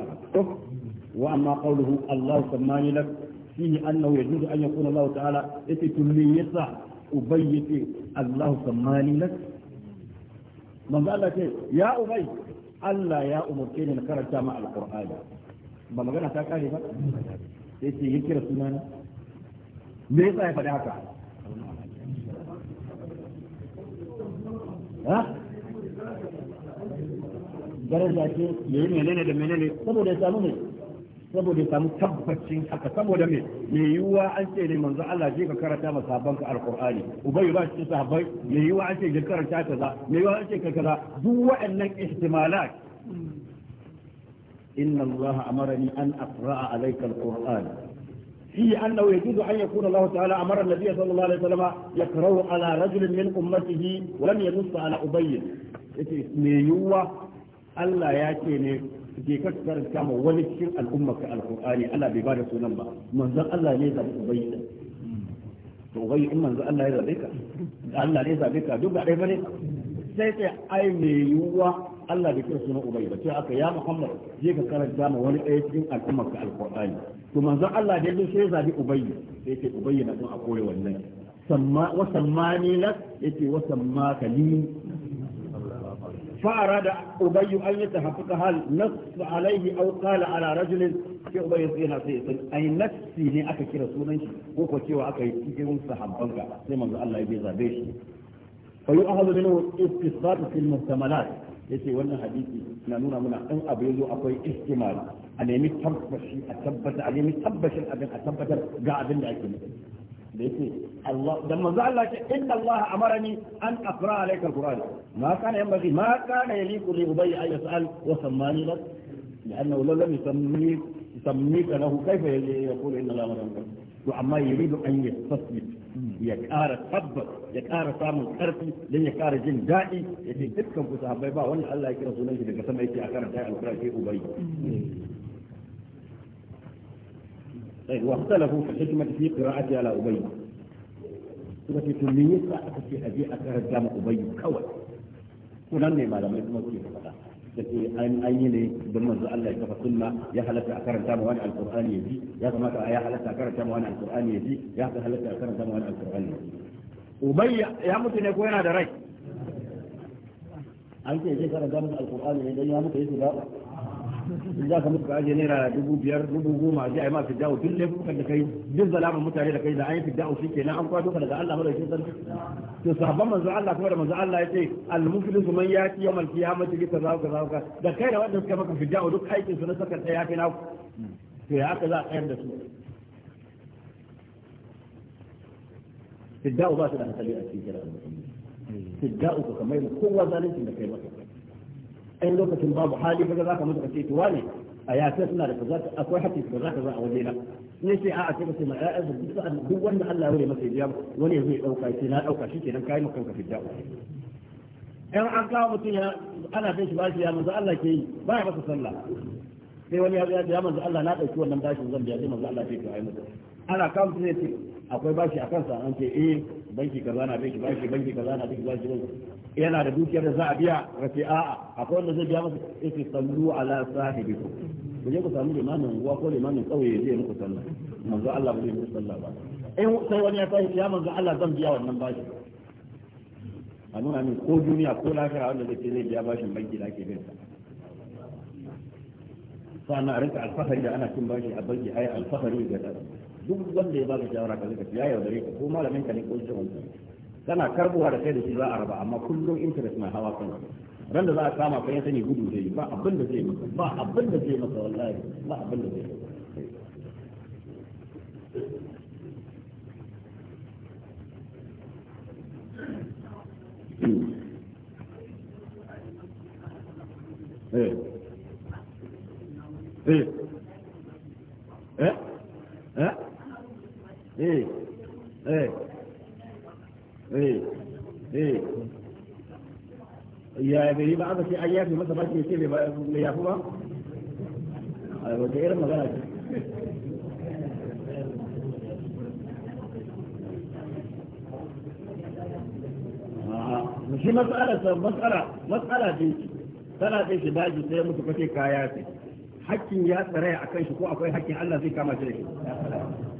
wa amma qawluhu Allah sammani lak fihi annahu yajuzu an yakuna Allah ta'ala yace kulli yasa ubayyati Allah sammani lak manzo Allah ce ya ubay Allah ya umurce ni na karanta ma alqur'ani ba magana ta kare ba sai ce yake sunana me yasa ya faɗi haka ha daraja ce yayi menene da menene saboda ya samu ne saboda ya samu tabbacin haka saboda me me yiwuwa an ce ne manzo Allah je ka karanta ma sabon ka alqur'ani ubay ba shi sahabbai me yiwuwa an ce ka karanta kaza me yiwuwa an ce ka kaza duk waɗannan ihtimalat inna Allah amarani an aqra'a alayka alqur'an فيه أنه يجوز أن يكون الله تعالى أمر النبي صلى الله عليه وسلم يكره على رجل من أمته ولم ينص على أبي ميوة ألا ياتيني je ka karanta ma wani cikin al'umma ka alqur'ani Allah bai bada sunan ba manzon Allah ne zabi ubayyi to ubayyi in manzon Allah ya zabe ka Allah ne zabe ka duk ba dai bane sai sai ai me yuwa Allah bai kira sunan ubayyi ba sai aka ya Muhammad je ka karanta wani ɗaya cikin al'umma ka to manzon Allah da yazo sai zabi ubayyi sai ce ubayyi na kuma a kore wannan samma wa sammani lak yace wa samma kali fa arada ubayyu an yatahaqqaqa hal nafs alayhi aw qala ala rajul sai ubayyi sai na sai san ai nafsi ne aka kira sunan shi ko ko cewa aka yi cikin sahabban ka sai manzon Allah ya zabe shi fa yu'ahadu minhu istisbat fil muhtamalat yace wannan hadisi na nuna muna dan abu yazo akwai ihtimal a nemi tabbashi a tabbata a nemi tabbashin abin a tabbatar ga abin da ake nufi da yake Allah dan manzo Allah ce inna Allah amarani an aqra alayka alquran ma kana yanbaghi ma kana yaliqu li ubay ay yas'al wa sammani lak لأنه لو لم يسميك يسميك له كيف يقول إن الله أمرني to amma ya rido an yi tasbit ya ƙara tabbas ya ƙara samun ƙarfi don ya ƙara jin daɗi ya ce dukkan ku sahabbai ba wanda Allah ya kira sunan shi daga sama yake a karanta alƙur'ani sai ubayi طيب واختلفوا في الحكمة في قراءتي على أبي kuma sai tun yasa aka aje a karanta ma ubayyu kawai sunan ne malamai kuma suke faɗa da ke an yi ne don manzo Allah ya kafa sunna ya halatta a karanta ma wani alqur'ani ya ji ya kamata a ya halatta a karanta ma wani alqur'ani ya ji ya halatta a karanta ma wani alqur'ani ya ji ya mutu ne da an ce zai karanta ne in za ka mutu ka ajiye naira dubu biyar dubu goma ji a yi ma fi dawo duk laifukan da kai duk zalamin mutane da kai da an yi fi dawo shi kenan an kwato ka daga Allah madaukakin sarki to sahabban manzo Allah kuma da manzo Allah yace al muflisu man yati yawmal qiyamati bi kaza kaza kaza da kai da wanda suka maka fi dawo duk aikin su na da ya kai naku to ya haka za a tsayar da su fi dawo ba su da hasali a cikin jira fidda'u ka kamar kowa zalunci da kai maka in lokacin babu hali ba za ka mutu ka ce tuwa ne a yasa suna da kaza akwai hakki da za ka za a waje na ne sai a a ce kace ma ya'an su duk sa'an duk wanda Allah ya wuri masa ya wani ya zai ɗauka shi na ɗauka shi kenan kayan maka ka fidda in an kawo mutum ya ana bin shi bashi ya manzo Allah ke yi ba ya masa sallah sai wani ya zai ya manzo Allah na ɗauki wannan bashin zan biya sai manzo Allah ke to ai mutum ana kawo mutum ya ce akwai bashi a kansa an ce eh banki kaza na bin bashi banki kaza na bin bashi yana da dukiyar da za a biya rafi a'a akwai wanda zai biya masa yake sallu ala sahibi ku je ku samu limamin ruwa ko limamin kauye zai muku sallah manzo Allah bai muku sallah ba in sai wani ya sai ya manzo Allah zan biya wannan bashi a nuna min ko duniya ko lafiya wanda zai ce zai biya bashin banki da ake bin sa sannan a rinka alfahari da ana cin bashi a banki ai alfahari ga duk wanda ya baka shawara ka zaka ya yaudare ka ko malamin ka ne ko shi wanda kana karbuwa da kai da shi za a raba amma kullum interest na hawa kan ran da za a kama yasa ne gudu zai ba abin da zai masa ba abin da zai masa wallahi ba abin da zai masa Eh. Eh. Eh. Eh. Eh. eh. eh eh ya gari ba aka ce an fi masa ba ke ce bai yafi ba a wata irin magana ce shi matsala matsala matsala ce tana ce shi daji sai mutu kace kaya ce hakkin ya tsaraya a kan shi ko akwai hakkin Allah zai kama shi da shi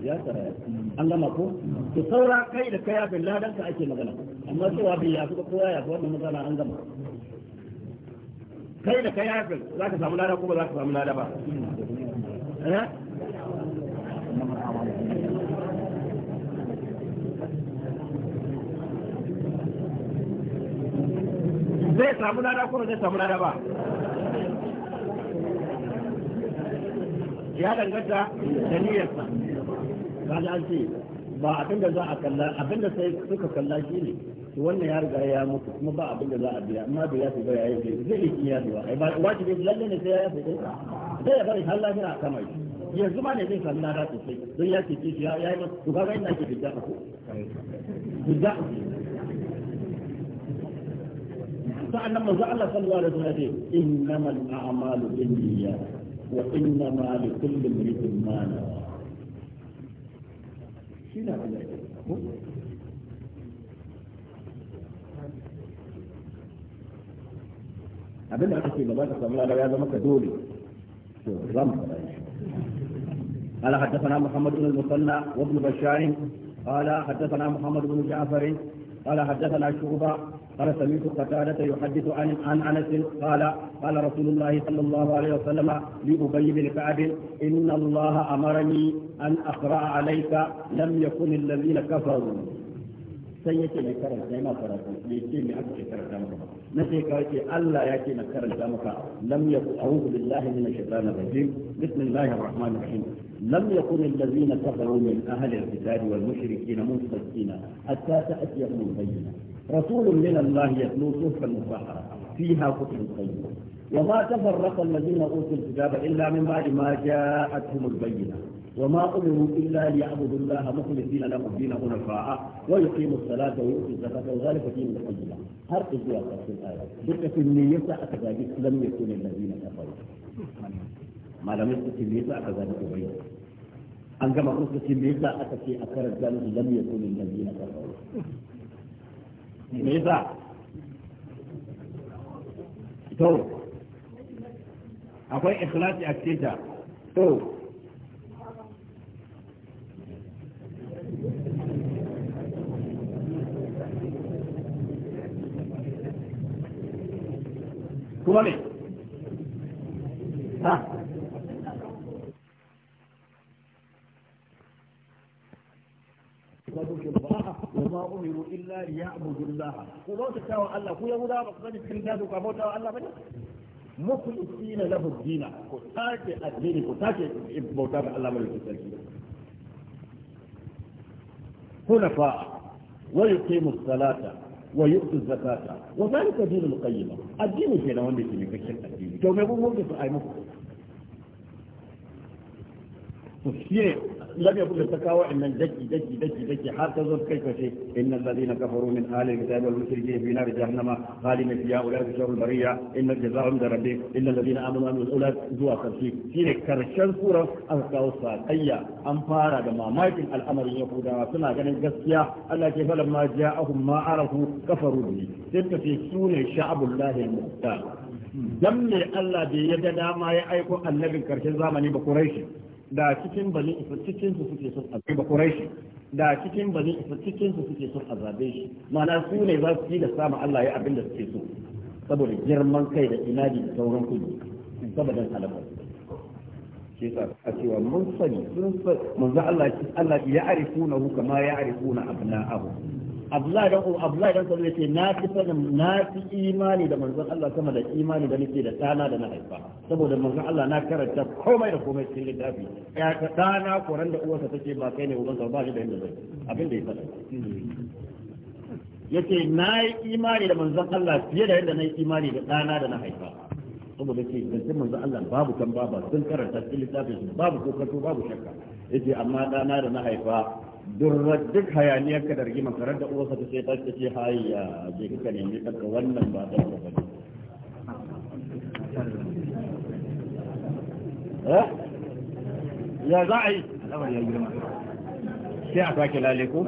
ya tsaraya an gama ko to saura kai da kai abin ladan ka ake magana amma cewa bai ya suka koya ya wannan magana an gama kai da kai abin za ka samu lada ko ba za ka samu lada ba eh? zai samu lada ko ba zai samu lada ba ya danganta da niyyarsa kaga an ce ba abin da za a kalla abin da sai suka kalla shi ne wannan ya riga ya mutu kuma ba abin da za a biya amma bai yafi ba yayi zai zai yi ya biya ai ba wace ne lalle ne sai ya yafi dai sai ya bari Allah yana kama shi yanzu ma ne zai samu lada sosai don ya ce shi ya yi to kaga ina ke bidda ko bidda sa'annan manzo Allah sallallahu alaihi wasallam ya ce innamal a'malu binniyat وإنما لكل امرئ ما نوى شنو abinda aka ce gaba da هذا da ya zama ka dole to zamu fara قال حدثنا محمد بن المثنى وابن بشار قال حدثنا محمد بن جعفر قال حدثنا شعبة قال سمعت قتادة يحدث عن عن أنس قال قال رسول الله صلى الله عليه وسلم لأبي بن كعب إن الله أمرني أن أقرأ عليك لم يكن الذين كفروا sai yake mai karanta yana karatu me yake mai aka ke karanta maka na sai ka ce Allah ya ce na karanta maka lam yakun a'udhu billahi minash shaitanir rajim bismillahir rahmanir rahim لم يكن الذين كفروا من أهل الكتاب والمشركين منفكين حتى تأتيهم البينة رسول من الله يتلو صحفا مطهرة فيها كتب قيمة وما تفرق الذين اوتوا الكتاب الا من بعد ما جاءتهم البينه وما امروا الا ليعبدوا الله مخلصين له الدين حنفاء ويقيموا الصلاه ويؤتوا الزكاه وذلك دين القيمه هل تجوا قصة الايه دقه النيه أتجاوز لم يكن الذين كفروا ما لم يكن النيه أتجاوز بينهم an gama kusurci me yasa aka ce a karanta musu me yasa to akwai ikhlasi a cikin ta to kuma ne ha وما أمروا إلا ليعبدوا الله وبوتا تاوى الله كو يهودا بقصد الكريدات وكبوتا الله بني مخلصين له الدين كتاك الدين كتاك بوتا الله بني خلفاء ويقيم الصلاة ويؤتي الزكاة وذلك دين القيمة الدين كنا وندي في مكشف الدين كما يقول ممكن أي مخلص لم يكن التكاوى ان الدجي دجي دجي دجي حتى زرت كيف شيء ان الذين كفروا من اهل الكتاب والمشركين في نار جهنم خالدين فيها اولئك شر البريه ان الجزاء عند ربهم الا الذين امنوا وعملوا الاولاد زوا خلفي في كرشن سوره الكاوى ساقيه ان فارا da mamakin al'amarin yahudawa suna ganin gaskiya Allah ke falan ma ja'ahum ma arafu kafaru bi sai ka ce sune sha'abullahi al-muhtar dan me Allah bai yadda dama ya aiko annabin karshen zamani ba Quraishi da cikin bani isa cikin su suke son azabe quraishi da cikin bani cikin su suke son azabe shi ma'ana su ne za su yi da samu Allah ya abin da suke so saboda girman kai da inadi da sauran kudi saboda talaba shi yasa a cewa mun sani sun san manzo Allah ya arifuna kama ya arifuna abna'ahu Abdullahi dan Abdullahi dan Sallu yace na fi sanin na fi imani da manzon Allah sama da imani da nake da tsana da na haifa saboda manzon Allah na karanta komai da komai cikin littafi ya ta dana koran da uwarsa take ba kai ne uban ka ba shi da yanda zai abin da ya faɗa yace na yi imani da manzon Allah fiye da yadda na yi imani da dana da na haifa saboda ce zancen manzon Allah babu kan baba sun karanta cikin littafin babu kokato babu shakka yace amma dana da na haifa duk hayaniyar ka dargi makarar da uwarsa ta sai ta ce hayya je kika nemi daga wannan ba ɗan ba ne. Eh? ya za a yi sai a sake lale ko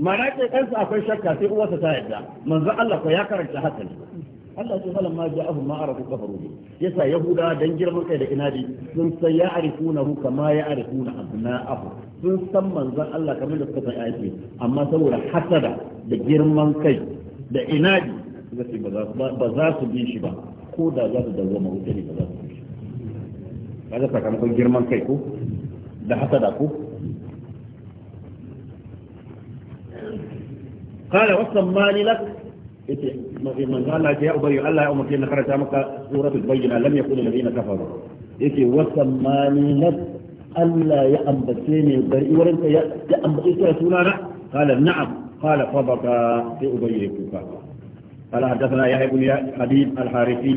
mana ce kansa akwai shakka sai uwarsa ta yadda manzo Allah ko ya karanta haka Allah ya falan ma ja'ahum ma arafu kafaru bi yasa yahuda dan girman kai da inadi sun san ya hu kama ya arifuna abu sun san manzon Allah kamar da suka san aiki amma saboda hasada da girman kai da inadi suka ce ba za su bi shi ba ko da za su dawo wuta ne ba za su bi shi kaga sakamakon girman kai ko da hasada ko قال وسماني لك yace manzo Allah ya ubayyu Allah ya umarce na karanta maka suratul bayyina lam yakun alladhina kafaru yace wasammani nab Allah ya ambace ne bari wurin ka ya ambace ka sunana qala na'am qala fabaka sai ubayyu kuka قال حدثنا يحيى بن حبيب الحارثي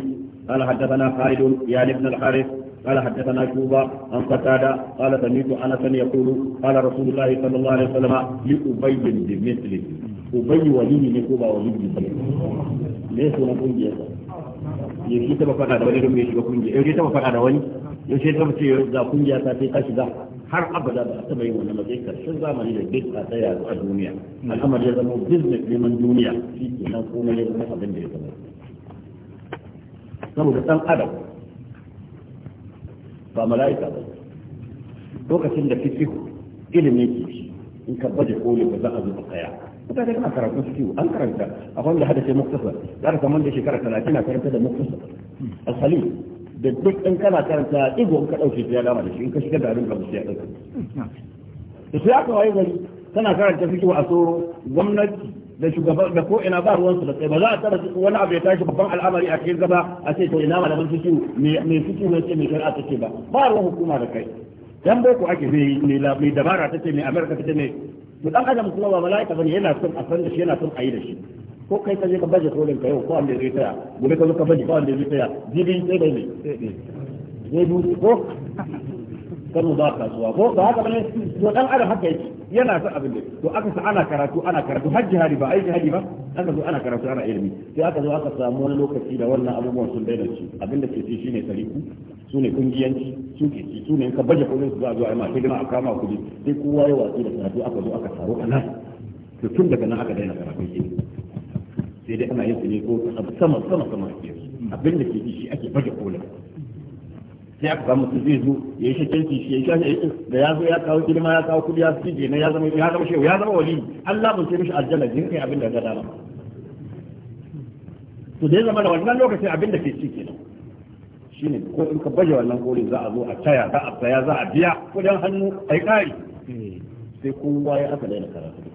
قال حدثنا خالد يعني بن الحارث قال حدثنا شوبة عن قتادة قال سمعت أنسا يقول قال رسول الله صلى الله عليه وسلم لأبي بمثله أبي ولي نكوبة ولي ليس نكون جيدا yaushe ta ba fada da wani don shiga kungiya yaushe ta ba fada da wani yaushe ta ce ga kungiya ta sai ka shiga har abada ba a taba yi wannan matsayi karshen zamani da duk a tsaya a duniya al'amari ya zama business neman duniya shi ke nan komai ya zama abin da ya zama saboda dan adam ba mala'ika ba lokacin da fikihu ilimin ke shi in ka baje koli ba za a zuba kaya mutane kana karatu fikihu an karanta a wanda hada ce muktasar za ka kamar da shekara talatin na karanta da muktasar asali da duk in kana karanta ibo in ka ɗauke ya dama da shi in ka shiga da abin ka ya ɗauka da sai aka waye gari tana karanta fiki a tsoro gwamnati da shugaban da ko ina ba ruwansu da tsaye ba za a tara wani abu ya tashi babban al'amari a cikin gaba a ce to ina malaman fiki mai fiki ne ce mai shari'a ta ce ba ba ruwan hukuma da kai dan boko ake mai mai dabara ta ce mai amerika ta ce mai mu dan adam kuma ba mala'ika bane yana son a san da shi yana son a yi da shi ko kai ka je ka baje kolin ka yau ko wanda zai taya gobe ka zo ka baje ko wanda zai taya jibin sai dai ne sai dai ko kar ba ka kasuwa ko ba haka bane to dan adam haka yake yana son abin da to aka sa ana karatu ana karatu har jihadi ba aiki jihadi ba aka zo ana karatu ana ilimi sai aka zo aka samu wani lokaci da wannan abubuwan sun daina ci. abin da ke ci shine tariku su ne kungiyanci su ke ci su ne ka baje kudin su zuwa zo ai ma sai dama a kama kudi sai kowa ya watsi da karatu aka zo aka taro a nan to tun daga nan aka daina karatu sai dai ana yin su ne ko sama sama sama abin da ke ci shi ake baje kolin sai aka samu su zai zo ya yi shakenci shi ya yi shakenci da ya zo ya kawo girma ya kawo kudi ya su cije na ya zama ya shehu ya zama wali Allah mun ce mishi aljanna jin kai abin da ga dama to da ya zama da wannan lokacin abin da ke ci shi ne ko in ka baje wannan kolin za a zo a taya za a tsaya za a biya kudin hannu a yi kari eh. sai kowa ya aka daina karatu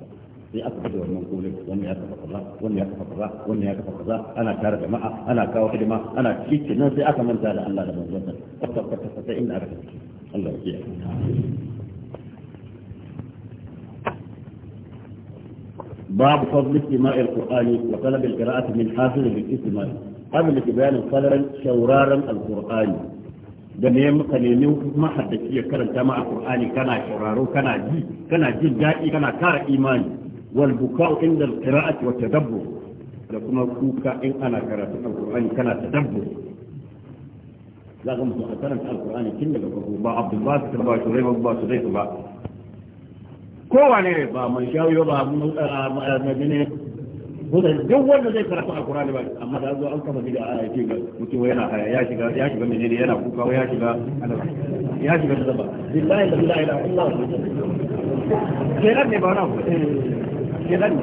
sai aka fito wannan kolin wannan ya kafa kaza wannan ya kafa kaza wannan ya kafa kaza ana tare jama'a ana kawo hidima ana cike nan sai aka manta da Allah da manzon sa tabbata tabbata inna arka Allah ya kiyaye باب فضل استماع القرآن وطلب القراءة من حافظ بالاستماع قبل بيان قدرا شورارا القرآن da ne muka nemi mahaddaci ya karanta ma a Qur'ani kana shauraro kana ji kana jin daɗi kana kara imani والبكاء عند القراءة والتدبر لكم أبوك إن أنا قرأت القرآن كان تدبر لا غم سؤالة في القرآن كنا لكم با عبد الله سبا شريم با سبيت با كو عني با من شاو يوضع من آه، آه، آه، مدينة هو الجول الذي قرأت القرآن بس أما هذا هو أنكم في الآية كيف مكتوب هنا يا شيخ يا شيخ من جيني أنا بكرة يا شيخ أنا يا شيخ هذا بالله لا إله إلا الله جيرانني بعرف يغني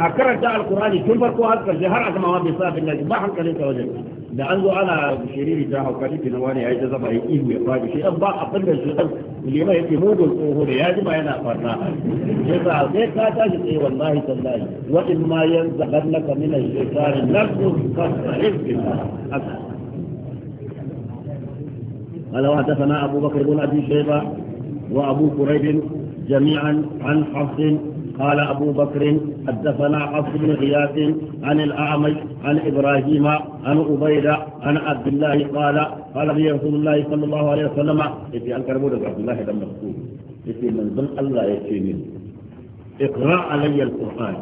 أكرر جاء القرآن كنفر قوات كالزهر عزم عوامي صاحب الناس ما حنك ليس وجد لأنه أنا بشيري جاهو وقريب نواني عيزة زبعي إيه ويقاب شيء أبا أطلب الزهر اللي ما يتموض القهور يجب أن أفرنا جزا عزيز كاتا جزا والله تلاي وإما لك من الشيطان نفسه فاستعيذ بالله قال وحدثنا أبو بكر بن أبي شيبة وأبو كريب جميعا عن حفظ قال أبو بكر حدثنا عبد بن غياث عن الأعمي عن إبراهيم عن عبيدة عن عبد الله قال قال لي رسول الله صلى الله عليه وسلم في الكربون عبد الله بن مسعود من منزل الله يكفيني اقرأ علي القرآن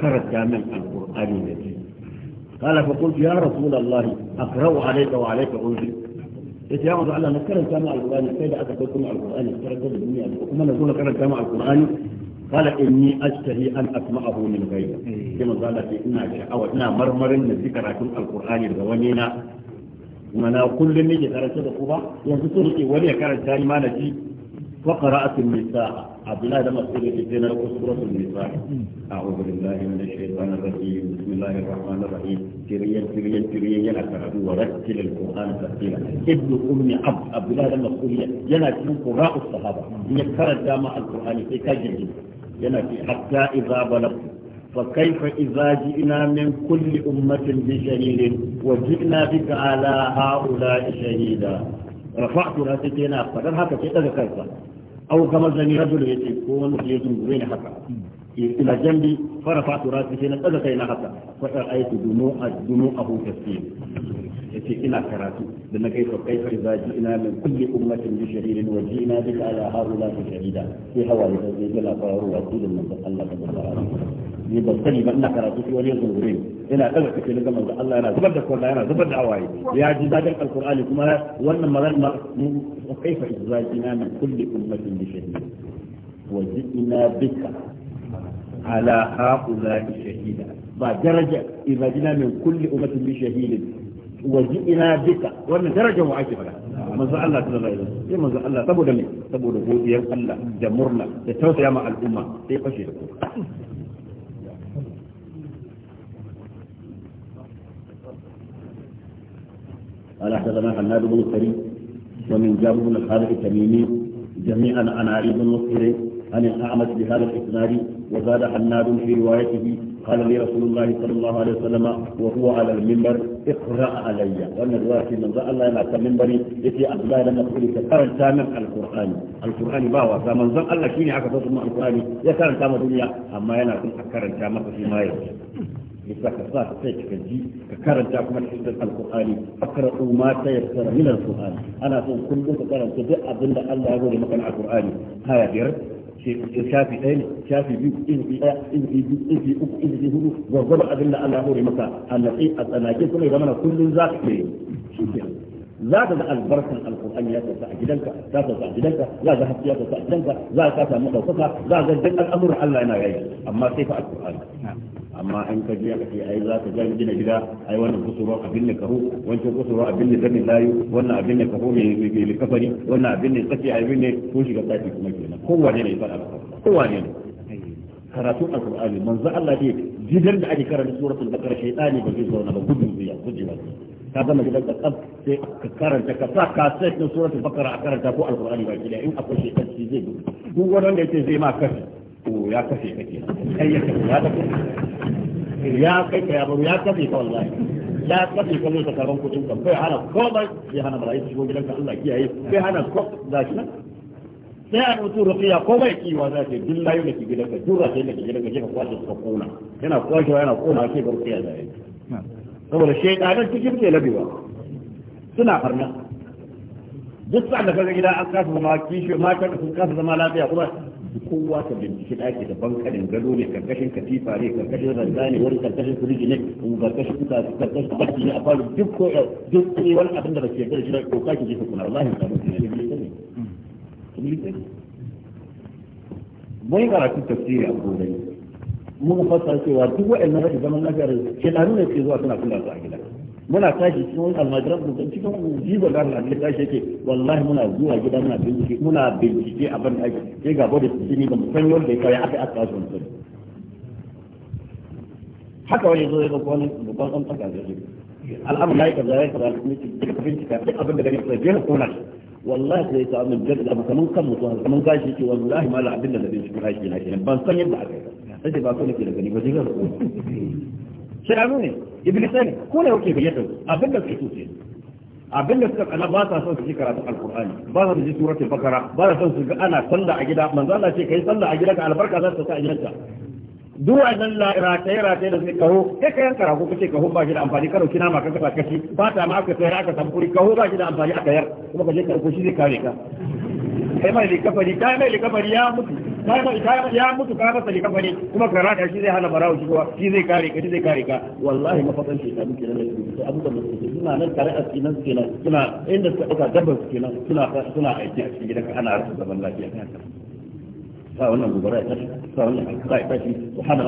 كرت من القرآن الكريم قال فقلت يا رسول الله أقرأ عليك وعليك أنزل يتعاوض على نكرة جامع القرآن كيف أتكلم القرآن نكرة الدنيا وكما جامع القرآن kala inni ashtahi an asma'ahu min ghayri mm. sai mun zala ce ina sha'awa ina marmarin na zikara karatun alqur'ani daga wani na mana kullum ne ke karanta da kuma yanzu so ne wani ya karanta ni ma na ji fa qara'atu nisa abdullahi da masudi ke tsena ko suratu nisa a'udhu billahi minash shaitanir rajim bismillahir rahmanir rahim tiriyan tiriyan tiriyan yana karatu wa rattil alqur'ana tartila ibnu ummi abd abdullahi da masudi yana cikin qura'us sahaba ya karanta ma alqur'ani sai ka gidi yana ce hatta idza balagu fa kaifa idza ji'na min kulli ummatin bi shahidin wa ji'na bika ala haula shahida rafa'tu ra'saka yana fadar haka sai daga kansa aw kama zani rajul yace ko wani ya zungure ni haka إلى جنبي فرفعت رأسي هنا تذكى إلى غطا فرأيت دموع الدموع أبو كثير إلى كراسي لما كيف كيف إذا جئنا من كل أمة بشهيد وجئنا بك على هؤلاء شهيدا في هوا لتذكى إلى فرور وطول من الله من الضرار يبصني بأن كراتي في ولي الظهورين إلى تذكى في لغم الله أنا زبد أقول أنا زبد عوائي يا جزاك القرآن كما وأن مرن كيف إذا جئنا من كل أمة بشهيد. وجئنا بك على هؤلاء شهيدا درجة إذا جئنا من كل أمة بشهيد وجئنا بك وأن درجة معجبة ما Allah الله zama idan إيه ما manzo الله تبو دمي تبو دمي Allah da murna da tausaya ma al'umma sai قال حدثنا حناد بن سري ومن جابر بن الخالق التميمي جميعا عن علي بن مسكر عن الاعمش بهذا الاسناد وزاد حناد في روايته قال لي رسول الله صلى الله عليه وسلم وهو على المنبر اقرا علي وان الروايه من ذا الله على المنبر يتي عبد الله لما تقول كان تامن القران القران باوا فمن ذا الله شيني haka fasu mu alqurani ya karanta ma duniya amma yana kun karanta maka shi ma yau ka sa sai ka ji ka karanta kuma cikin alqurani fakra'u ma tayassara min alkur'ani ana son kullum ka karanta duk abin da Allah ya gode maka alkur'ani haya biyar shafi ɗaya ne shafi biyu izi ɗaya izi biyu izi uku izi hudu abin da Allah hore maka annabi a tsanake kuma ya zamana kullun za ka yi za ka ga albarkan ya a gidanka za ka a gidanka za ka a gidanka za ka samu ɗaukaka za ka ga duk al'amuran Allah yana yayi amma sai fa alkur'ani amma in ka je ka ce ai za ka gani gina gida ai wannan kusuro abin ne kaho wancan kusuro abin ne zanin layu wannan abin ne kaho mai mai likafari wannan abin ne tsakiya abin ne ko shiga tsaki kuma kenan kowane ne ya faɗa kowane ne karatun alkur'ani manzo Allah ne gidan da ake karanta suratul bakara shaytani ba zai zauna ba gudun zai guje ba ka zama gidan ka tsaf sai ka karanta ka sa kaset na suratul bakara a karanta ko alkur'ani ba gida in akwai shaytan shi zai gudu duk wanda yake zai ma kafe to ya kafe kake kai ya kafe ya ya kai ka ya ya kafe ka wallahi ya kafe ka zai karban kudin ka bai hana komai bai hana barayi shigo ka Allah kiyaye bai hana ko gashi shi sai a mutu rukiya ko bai kiwa za ta duk layu da ke gidanka duk rasai da ke ka kika kwashe suka kona yana kwashewa yana kona sai bar rukiya da yi saboda shaidanan cikin ke labewa suna farna duk sa da kaga gida an kasa zama kishi mata sun kasa zama lafiya kuma kowa ka binciki ɗaki da bankarin gado ne karkashin katifa ne karkashin randa ne wani karkashin firiji ne karkashin karkashin baki ne a faru duk ko duk ne wani abin da ba ke gada shi da doka ki jefa kuna wallahi ka mutu ne mun karatu tafsiri a gobe mun fassara cewa duk wa'annan rashin zaman lafiyar shekaru ne ke zuwa suna kula su a gida muna tashi cikin wani almajiran mu cikin jibar da Allah tashi yake wallahi muna zuwa gida muna bincike muna bincike abin da ake sai ga bodi su ne ba mu san yadda ya kai aka aka su mutum haka wani zo ya ga wani babban an tsaka da al'amari ya ka zai ka ne cikin bincika duk abin da gani sai ya kona wallahi sai ta amin da abu kaman kan mutum kaman gashi ke wallahi ma la abin da da bincike na kenan ban san yadda aka sai ba ko nake da gani ba sai ga shaidanu ne iblisai ne ko ne kuke gayyata abin da suke so ke abin da suka kana ba sa son su ji karatu alqur'ani ba sa su ji suratul bakara ba sa son su ga ana sallah a gida manzo Allah ce kai sallah a gida ka albarka za ta sa a gidanka nan wannan rataye rataye da zai kaho kai ka yanka rago kace kaho ba shi da amfani karo kina ma kanka kashi ta ma aka tsaya aka samfuri kaho ba shi da amfani aka yar kuma ka je ka ko shi zai kare ka kai mai likafari kai mai likafari ya mutu ya mutu ka masa ne kafa ne kuma ka rata shi zai hana barawo shigowa shi zai kare ka shi zai kare ka wallahi mafatan shi ta muke nan su abubuwan da suke suna nan tare a cikin su kenan suna inda suka ɗauka dabbar su kenan suna suna aiki a cikin ka ana rasa zaman lafiya sa wannan gobara ya tashi sa wannan ka ya tashi su hana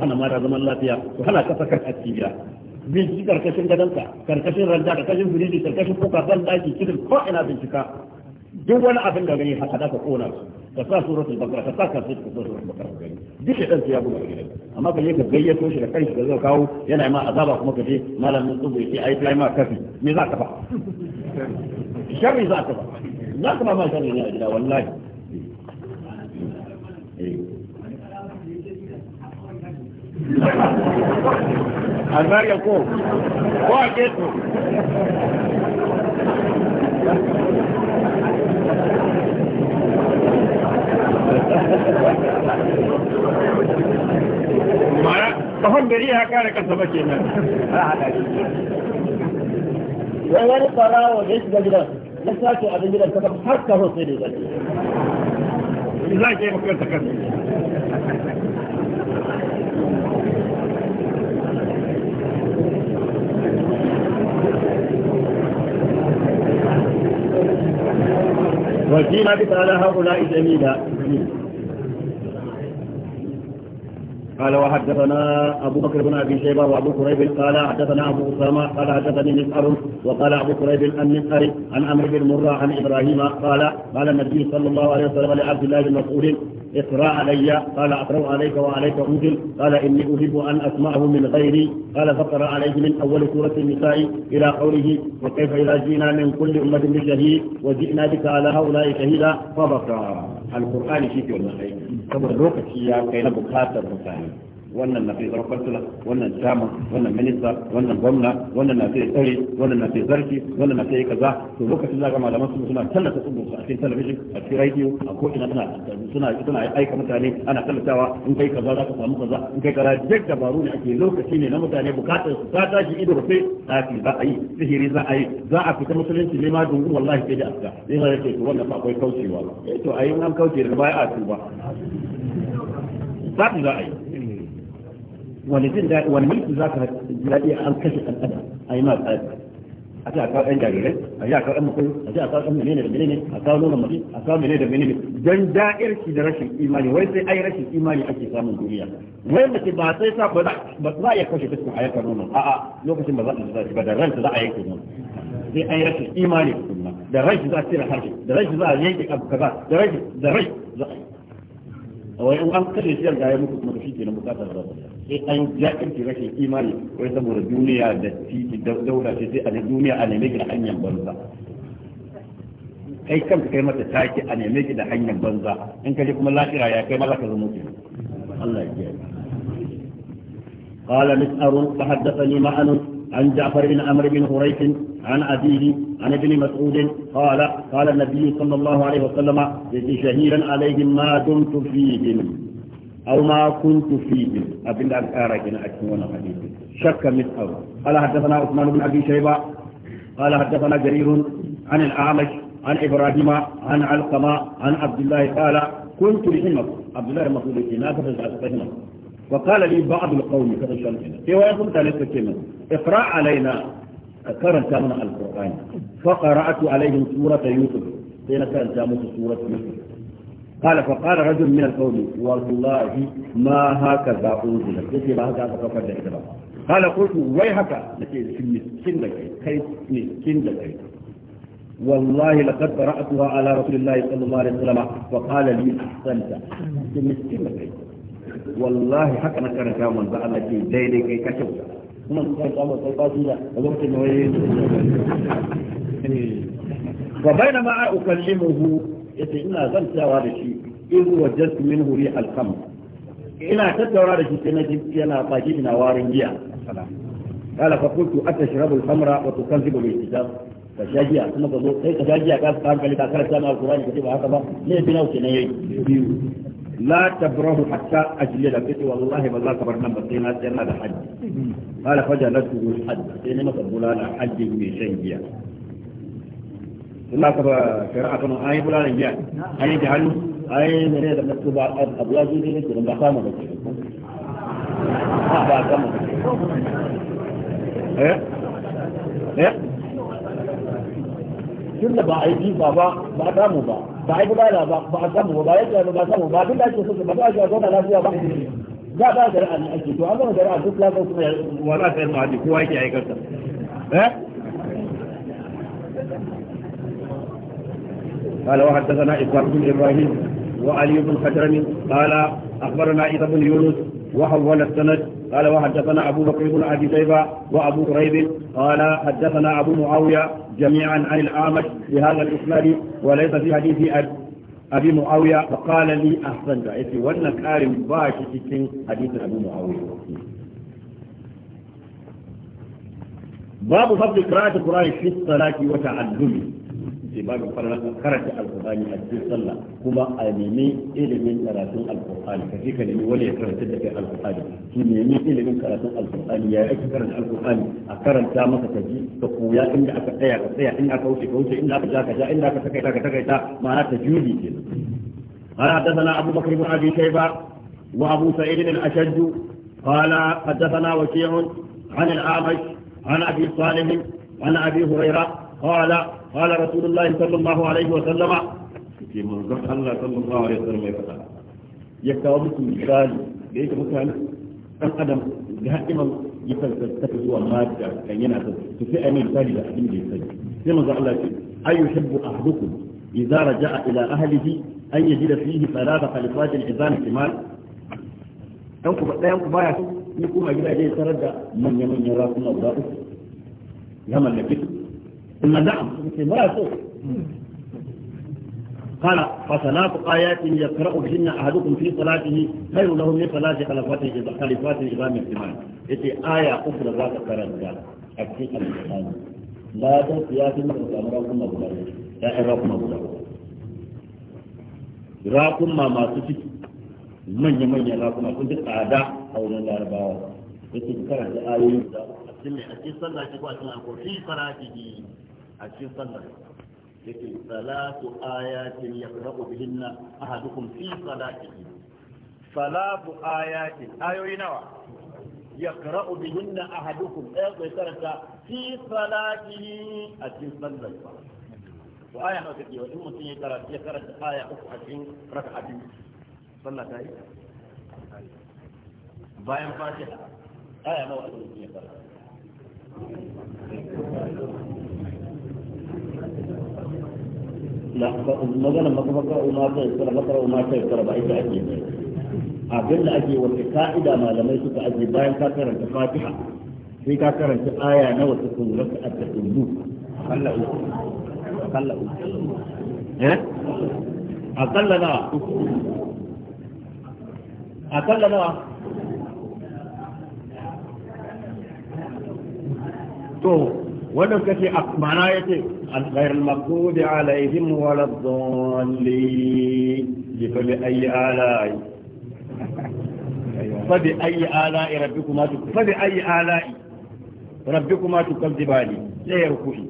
hana mara zaman lafiya su hana kasa kan a cikin gida binciki karkashin gadonka karkashin ranta karkashin firiji karkashin kuka ban daki cikin ko ina bincika duk wani abin da gani haka daga kona su ka sa suratul bakara ka sa ka su ka suratul bakara gani duk dan su ya buga gidan amma ka je ka gayyato shi da kanshi da zai kawo yana ma azaba kuma ka je malamin tsubu yake ai fly ma kafi me za ka fa shari za ka fa za ka ba ma shari ne a gida wallahi eh. Albariya ko, ko a keto. mara kafan da iya kare kansa ba ke da ya shiga gidan ya abin gidan ta har sai da ya ke وجينا بك على هؤلاء جميلا قال وحدثنا أبو بكر بن أبي شيبة وأبو كريب قال حدثنا أبو أسامة قال حدثني مسعر وقال أبو كريب ان مسعر عن امر بن مرة عن إبراهيم قال قال النبي صلى الله عليه وسلم لعبد الله بن مسعود اقرأ علي قال أقرأ عليك وعليك أنزل قال إني أحب أن أسمعه من غيري قال فقرأ عليه من أول سورة النساء إلى قوله وكيف إذا جئنا من كل أمة بشهيد وجئنا بك على هؤلاء شهيدا فبكى القرآن شيء والله كما الروح كي wannan na fi zarfar wannan dama wannan minista wannan gwamna wannan na fi tsare wannan na fi zarki wannan na fi kaza to lokacin da ga malaman su suna tallata tsubun su a cikin talabijin a cikin radio a ko ina suna suna suna aika mutane ana tallatawa in kai kaza za ka samu kaza in kai kaza duk dabaru ne ake lokaci ne na mutane bukatar su ta tashi ido ba sai tsafi za a yi sihiri za a yi za a fita musulunci ne ma dungu wallahi sai da aska sai zai ce to wannan fa akwai kaucewa eh to ayi nan kauce da baya a tuba tsafi za a yi ولكن دا والملك ذاك الجلالية أن كشف الأدب أي ما الأدب أتى أكاو أن جاريرين أتى أكاو أن مقل أتى أكاو أن منين منين أكاو نولا مدين أكاو منين منين دن دائر كي درش الإيمان وليس أي رش الإيمان أكي سامن دنيا وين متي بعطي ساق بدع بطلع يكشف اسمه حياة نولا آآ آه، آآ آه. لو كشف مزاق الزاج بدل رنس دع يكون في أي رش الإيمان يكون da rashi za a cire harshe da rashi za a yanke abu kaza da rashi da rashi za a yi a wai an kashe shi da ya kuma shi ke na bukatar da sai an jakinci rashin imani wai saboda duniya da titi daura ce sai a ne duniya a neme ki da hanyar banza kai kanka kai mata taki a neme ki da hanyar banza in ka je kuma lafira ya kai malaka zama ki Allah ya kiyaye قال مسعر فحدثني معن عن جعفر بن عمرو بن هريث عن أبيه عن ابن مسعود قال قال النبي صلى الله عليه وسلم شهيرا عليهم ما دمت فيهم أو ما كنت فيه أبن أكارك أن أكون حديث شك مثله قال حدثنا عثمان بن أبي شيبة قال حدثنا جرير عن الأعمش عن إبراهيم عن علقمة عن عبد الله قال كنت لحمك عبد الله المقصود لا تفهم وقال لي بعض القوم كذا شرحنا في يقول ثالثة كلمة اقرأ علينا قرأت من القرآن فقرأت عليهم سورة يوسف حين كانت سورة يوسف قال فقال رجل من القوم والله ما هكذا أنزل يجي ما هكذا فقد ذلك قال قلت ويحك نتيجة في مسكين دقيق كيف مسكين دقيق والله لقد قرأتها على رسول الله صلى الله عليه وسلم وقال لي أحسنت في مسكين دقيق والله حق أنا كان كاما بأن لكي ديني كي كشوتا kuma su kan samun sarfasu da a lokacin da wani wa bainama a ukallimuhu yace ina zantawa da shi in wajadtu minhu rihal khamr ina tattaura da shi sai na yana baki ina warin giya قال فقلت أتشرب الخمر وتكذب بالكتاب فشاجع ثم تقول كيف تشاجع قال قال قال إذا كانت سامع القرآن كتب هكذا ليه بنوت لا تبره حتى أجلد بيتي والله والله كبرنا بطينا سيرنا الحج قال فجلته الحج سينما تقول أنا حج بشيء in ka ba shari'a kano an yi bulalan biya an yi jahannu an yi mene da nasu ba abu ya zuwa ne kenan ba samu ba ba samu ba eh eh tun da ba a yi jifa ba ba a samu ba ba a yi bulala ba ba samu ba ba ya ba ba samu ba tun da ake so ba ba a shi a zauna lafiya ba za ba shari'a ne lafiya قال وحدثنا إسحاق بن إبراهيم وعلي بن حجرم قال أخبرنا عيسى بن يونس وحول السند قال وحدثنا أبو بكر بن أبي شيبة وأبو قريب قال حدثنا أبو معاوية جميعا عن الأعمش بهذا الإسناد وليس في حديث أبي معاوية فقال لي أحسنت إيه وأن كارم باشي في حديث أبو معاوية باب فضل قراءة القرآن في الصلاة وتعلمه imam babu farlan karanta alkur'ani a cikin sallah kuma a nemi ilimin karatun alkur'ani ka je ka nemi wani ya karanta da kai alkur'ani ki nemi ilimin karatun alkur'ani ya ake karanta alkur'ani a karanta maka ka ji ka koya inda aka tsaya ka tsaya inda aka wuce ka wuce inda aka ja ka ja inda aka takaita ka takaita ma'ana ta juri ke abu قال حدثنا أبو بكر بن أبي شيبة وأبو سعيد الأشج قال حدثنا an al amash an abi صالح an abi هريرة قال قال رسول الله صلى الله عليه وسلم في منزل الله صلى الله عليه وسلم يقول يكتب مثال ليس مثال أم أدم دائما يفلسل تفزوا مادة كان ينعى تفعي أمين ثالي لأحكم جيسان في منزل الله أي يحب أحدكم إذا رجع إلى أهله أن يجد فيه ثلاثة خلفات العظام كمال ينقب بايعته يقوم إلى جيسان رجع من يمن يراكم أولاده لما لكتب ثم دعم لا سوء قال فثلاث آيات يقرأ بهن أحدكم في صلاته خير له من صلاة خلفات خلفات الإمام الإمام إتي آية أخرى ذات كرنجا أكيد الإمام لا تسيا في مدرسة أمركم أبو لا أراكم أبو راكم ما ما تسيك من يمين راكم أكون تقعدا أو لن أربعة إتي كرنجا آية cikin a cikin sallah ce ko a cikin alƙur'ani fi salatihi a cikin sallah yake salatu ayatin yaqra'u bihinna ahadukum fi salatihi salatu ayatin ayoyi nawa yaqra'u bihinna ahadukum ɗaya bai karanta fi salatihi a cikin sallah wa aya nawa take wa in mutum ya karanta ya karanta aya uku a cikin raka'a biyu sallah ta yi bayan fatiha aya nawa ake yi ya karanta magana makafakar umarta ya tsara makara umarta ya tsara ba ita ake ne abin da ake wata ka'ida malamai suka aje bayan ka karanta fatiha sai ka karanta aya na wata a kalla uku uku akalla eh? akalla na to wannan kace ma'ana yace al-ghayr al-maqdud alaihim wa al-dhalli bi ayi ala'i fa bi ayi ala'i rabbikuma fa bi ayi ala'i rabbikuma tukadzibani sai yarku'i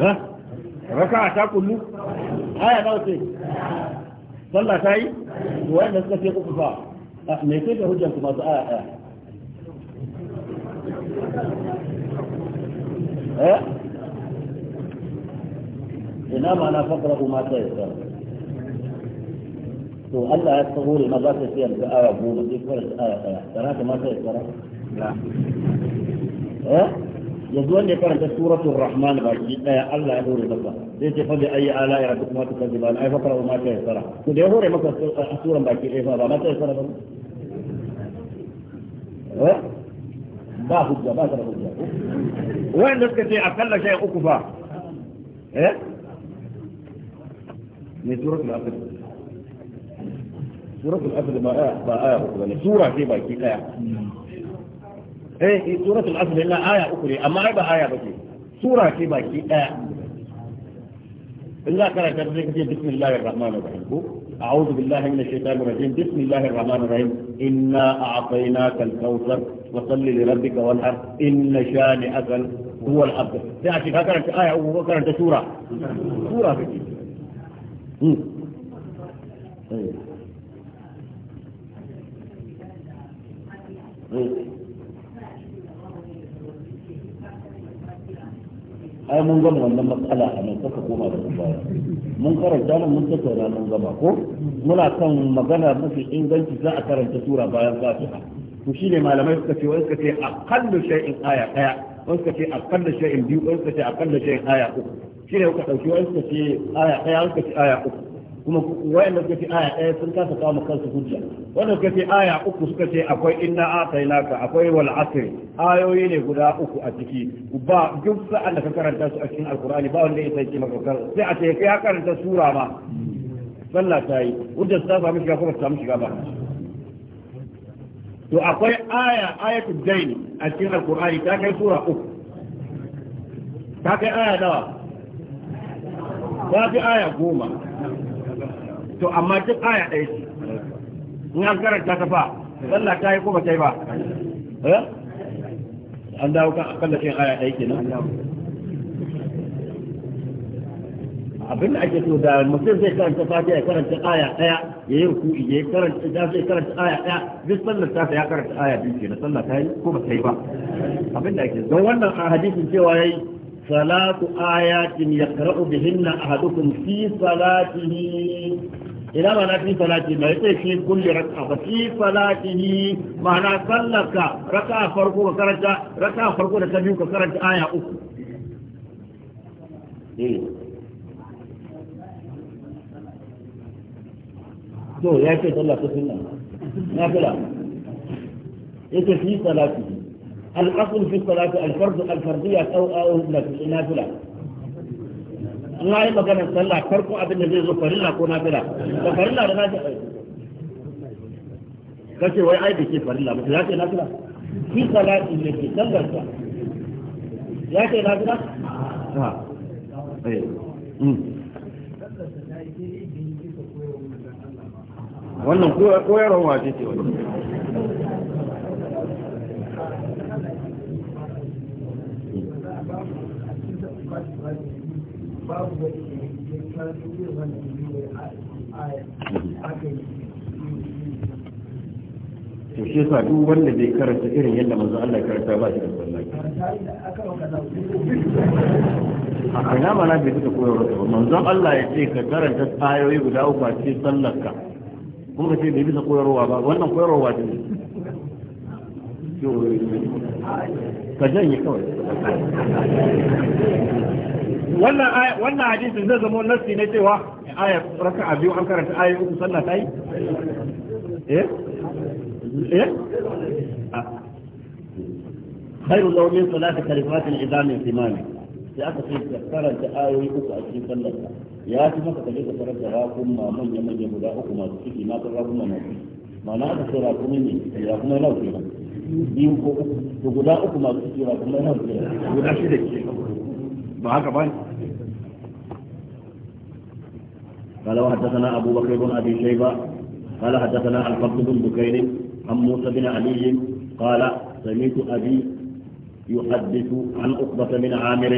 ha raka'a ta kullu aya nawa ce sallah ta yi wanda suka ce uku fa me ce da hujjar kuma su aya aya eh ina ma na fakara kuma ta yi to Allah ya tsaho ne maza ta siyar da aya goma sai kawai da aya ɗaya tsara ta mata ya tsara eh? yanzu wanda ya karanta suratul rahman baki daya Allah ya dore zaka sai ce fadi ayi ala ya rabbuka kuma tukadiba ai fakara ma ta ya tsara to da ya hore maka suran baki daya ba ma ta ya tsara ba eh? ba hujja ba ta da hujja wanda suka ce kalla shay uku fa eh ne suratul asr suratul asr ba aya ba aya uku ne sura ce baki daya eh suratul asr illa aya uku ne amma ai ba aya bace sura ce baki daya in za ka karanta sai ka ce bismillahir rahmanir rahim ko أعوذ بالله من الشيطان الرجيم بسم الله الرحمن الرحيم إنا أعطيناك الكوثر وصل لربك وانحر إن شانئك هو الأبتر تعشي فكرة آية وكرة سورة سورة فكرة Mm-hmm. طيب. طيب. ai mun gama wannan matsala a nan saka koma da baya mun karanta nan mun tattauna mun gama ko muna kan magana mafi inganci za a karanta sura bayan fatiha to shine malamai suka ce wai suka ce aqallu shay'in aya daya wai suka ce aqallu shay'in biyu wai suka ce aqallu shay'in aya uku shine suka dauki wai suka ce aya daya suka ce aya uku kuma wayanda suka ce aya ɗaya sun kasa kama kansu hujja wanda suka ce aya uku suka ce akwai inna atainaka akwai wal asr ayoyi ne guda uku a ciki ba duk sa'an da ka karanta su a cikin alqur'ani ba wanda ya sai maka sai a ce ya karanta sura ma sallah ta yi hujja ta samu shiga kuma ta samu shiga ba to akwai aya ayatu dain a cikin alqur'ani ta kai sura uku ta kai aya nawa ta kai aya goma to amma duk aya ɗaya ce in an karanta ta fa sallah ta yi ko ba ta yi ba eh? an dawo kan akalla cin aya ɗaya kenan abin da ake so da mutum zai karanta fatiha ya karanta aya daya ya yi ruku'i ya karanta da zai karanta aya daya duk sallar ta ya karanta aya biyu kenan sallah ta yi ko ba ta yi ba abin da ake don wannan a hadisin cewa yayi salatu ayatin yaqra'u bihinna ahadukum fi salatihi ina mana fi salati mai sai fi kulli raka'a fa fi salatihi mana sallaka raka'a farko ka karanta raka'a farko da ta biyu ka karanta aya uku to ya ce sallah ta sunna na fila yake fi salati al-asl fi salati al-fard al-fardiyya aw aw nafila n'a yi maganar sallah farko abin da zai zo farilla ko nafila da farilla da nafila kace wai ai da farilla mutum ya ce nafila shi salati ne ke sallar ta ya ce nafila ha eh hmm. wannan koyarwar wace ce wani Thank you. babu da wani da ya kasu yin wannan to shi yasa duk wanda bai karanta irin yadda manzo Allah karanta ba shi da sallah a ina mana bai duka koyarwa ba manzo Allah ya ce ka karanta ayoyi guda uku a cikin sallaka kuma ka ce bai bisa koyarwa ba wannan koyarwa ce ka janye kawai wannan hadisin zai zama nassi na cewa aya raka a biyu an karanta aya uku sallah ta yi eh eh khairu law min salati kalimatin idamin simani ayoyi uku a cikin sallar ya fi maka ka karanta rakun ma manya manya guda uku masu ciki na kan rakun na ciki ma'ana aka ce rakun ne ya kuma nawa kenan biyu guda uku masu ciki rakun nawa kenan guda shida معاك haka قال وحدثنا أبو بكر بن أبي شيبة قال حدثنا الفضل بن بكير عن موسى بن علي قال سمعت أبي يحدث عن عقبة بن عامر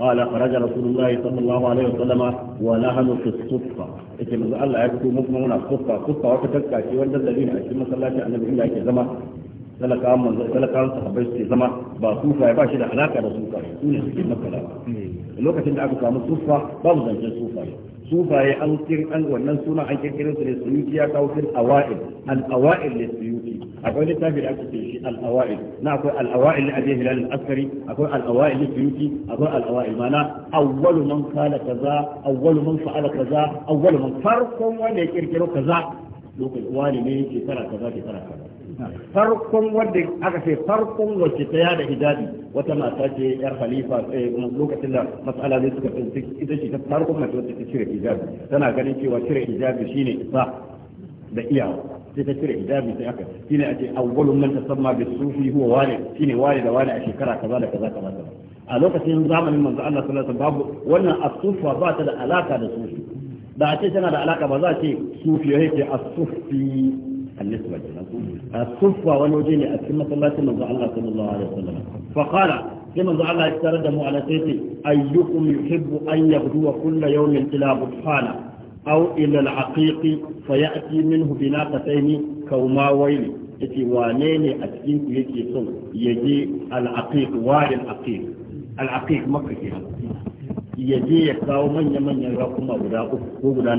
قال خرج رسول الله صلى الله عليه وسلم ونحن في الصفة إذن الله يكتب مؤمنون الصفة الصفة وتتكا كاشي وانت الذين أشتم صلاة النبي الله كزما talakawan manzo talakawan sahabbai suke zama ba sufaye ba shi da alaka da sufaye su ne suke makala lokacin da aka samu sufa babu zancen sufaye sufaye an kin an wannan suna an kirkiro su ne suyuti ya kawo fil awa'il al awa'il ne suyuti akwai littafi da aka ce shi al awa'il na akwai al awa'il li abi hilal al askari akwai al awa'il li suyuti akwai al awa'il mana awwalu man qala kaza awwalu man fa'ala kaza awwalu man farkon wanda ya kirkiro kaza lokacin wani ne ke tara kaza ke tara kaza farkon wanda aka ce farkon wacce ta yada hijabi wata mata ce yar halifa eh, lokacin da matsala ne suka tsinci ita ce ta farkon mace wacce ta cire hijabi tana ganin cewa cire hijabi shine isa da iyawa sai ta cire hijabi sai aka shine ake awwalun man tasamma bi sufi huwa wani shine wali da wali a shekara kaza da kaza kaza a lokacin zamanin manzo Allah sallallahu alaihi wasallam babu wannan asufa ba ta da alaka da sufi da a ce tana da alaka ba za a ce sufi yake asufi النسبة الصفة والوجين أكمة الله من الله صلى الله عليه وسلم فقال كما دعا الله يتردم على سيدي أيكم يحب أن يغدو كل يوم إلى بطحانة أو إلى العقيق فيأتي منه بناقتين كوماوين يتي وانين أتكينك يتي صن يجي العقيق وادي العقيق العقيق مكة يجي يكاو من يمن يراكم أبدا أبدا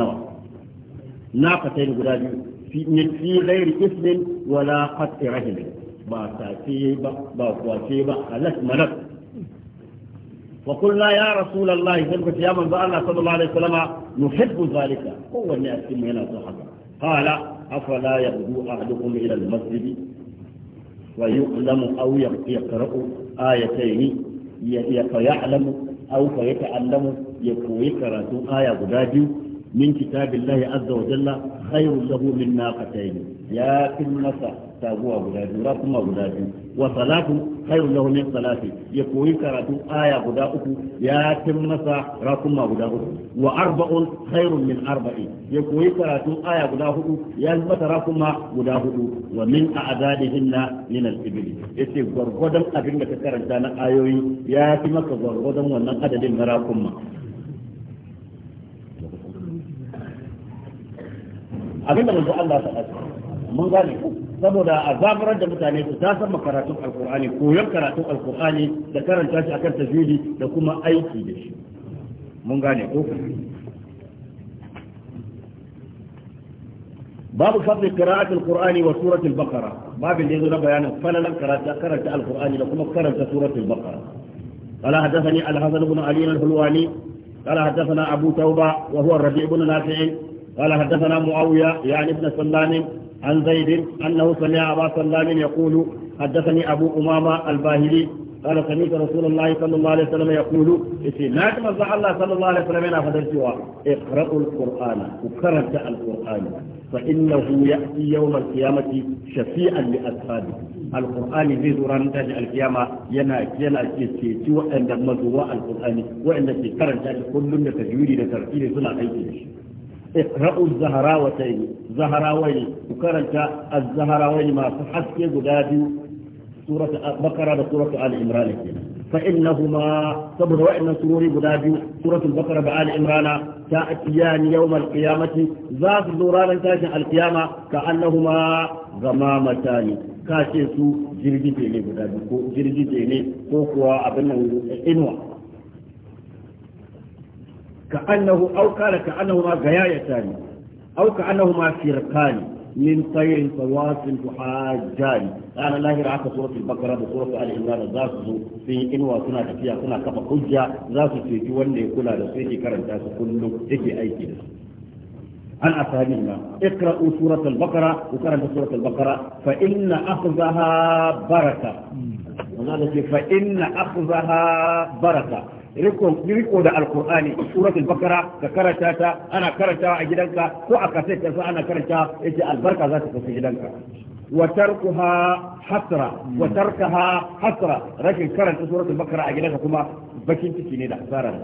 ناقتين قدا في غير اسم ولا قطع رجل با ساتي با با قواتي ملك وقلنا يا رسول الله ذلك يا من الله صلى الله عليه وسلم نحب ذلك هو اللي أسلم هنا صحبه قال أفلا يهدو أحدكم إلى المسجد ويؤلم أو يقرأ آيتين فيعلم أو فيتعلم يكوي كراتو آية غدا من كتاب الله عز وجل خير له من ناقتين يا كنسا تابوا غلاد راكما غلاد وصلاة خير له من صلاة يقوي كراتو آية غدا أكو يا كنسا راكما غدا أكو وأربع خير من أربع يقوي كراتو آية غدا أكو يا المتا راكما غدا أكو ومن أعدادهن من الإبل يتي غرغدم أبنك كرنتان آيوي يا كنسا غرغدم ونقدد مراكما abin da manzo Allah faɗa mun gane ku saboda a zaburar da mutane su ta san karatun alkur'ani koyon karatun alkur'ani da karanta shi akan tajwidi da kuma aiki da shi mun gane ku babu fadl qira'at alqur'ani wa surat babu da na bayanin falalan karanta karanta alqur'ani da kuma karanta surat al-baqara قال حدثني الحسن بن علي الحلواني قال حدثنا ابو توبه وهو الربيع بن نافع قال حدثنا معاوية يعني ابن سلام عن زيد أنه سمع أبا سلام يقول حدثني أبو أمامة الباهلي قال سمعت رسول الله صلى الله عليه وسلم يقول لا تمزع الله صلى الله عليه وسلم اخذ فدرتها اقرأوا القرآن وقرأت القرآن فإنه يأتي يوم القيامة شفيعا لأصحابه القرآن في زوران تاج القيامة ينا ينا كيسكي وأن مزواء القرآن وأن كي قرأت كل تجويد وترتيل سنة أيدي اقرأوا الزهراوتين زهراوين وكرنت الزهراوين ما صحت قدادي سورة بقرة سورة آل عمران فإنهما صبر وإن سرور قدادي سورة البقرة بآل عمران تأتيان يوم القيامة ذات الدوران تاشن القيامة كأنهما غمامتان كاشي سو jirgi ne guda biyu ko jirgi ne ko kuwa abin nan inuwa كأنه أو قال كأنهما غيايتان أو كأنهما فرقان من طير صواص تحاجان أنا لا يرعى سورة البقرة بسورة آل عمران ذات في إن كنا تفيا كنا كفا حجة ذات في جوان يكون على سيدي كرن تاس كله إجي أي كده عن أسهمهما اقرأوا سورة البقرة وقرأوا سورة البقرة فإن أخذها بركة وماذا فإن أخذها بركة ريكو ريكو دا القرآن سورة البقرة كرتا أنا كرتا أجدنك كو أكسيت أنا كرتا إيجي البركة ذات تسجدنك وتركها حسرة وتركها حسرة لكن كرتا سورة البقرة أجدنك كما بكين تكيني دا سارة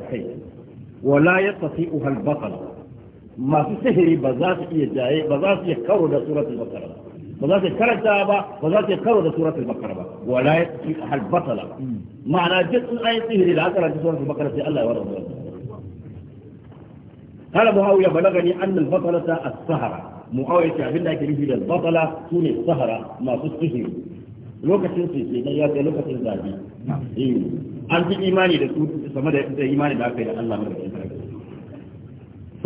ولا يستطيعها البطل masu sihiri ba za su iya jaye ba za su iya karo da suratul bakara ba za su karanta ba ba za su iya karo da suratul bakara ba wala yati ma'ana duk in ayi sihiri da aka karanta suratul bakara sai Allah ya warware قال معاوية بلغني أن البطلة السهرة معاوية abin da ake nufi da batala sune sahara masu sihiri lokacin su ke ya lokacin zabi eh, an fi imani da su sama da da aka yi da Allah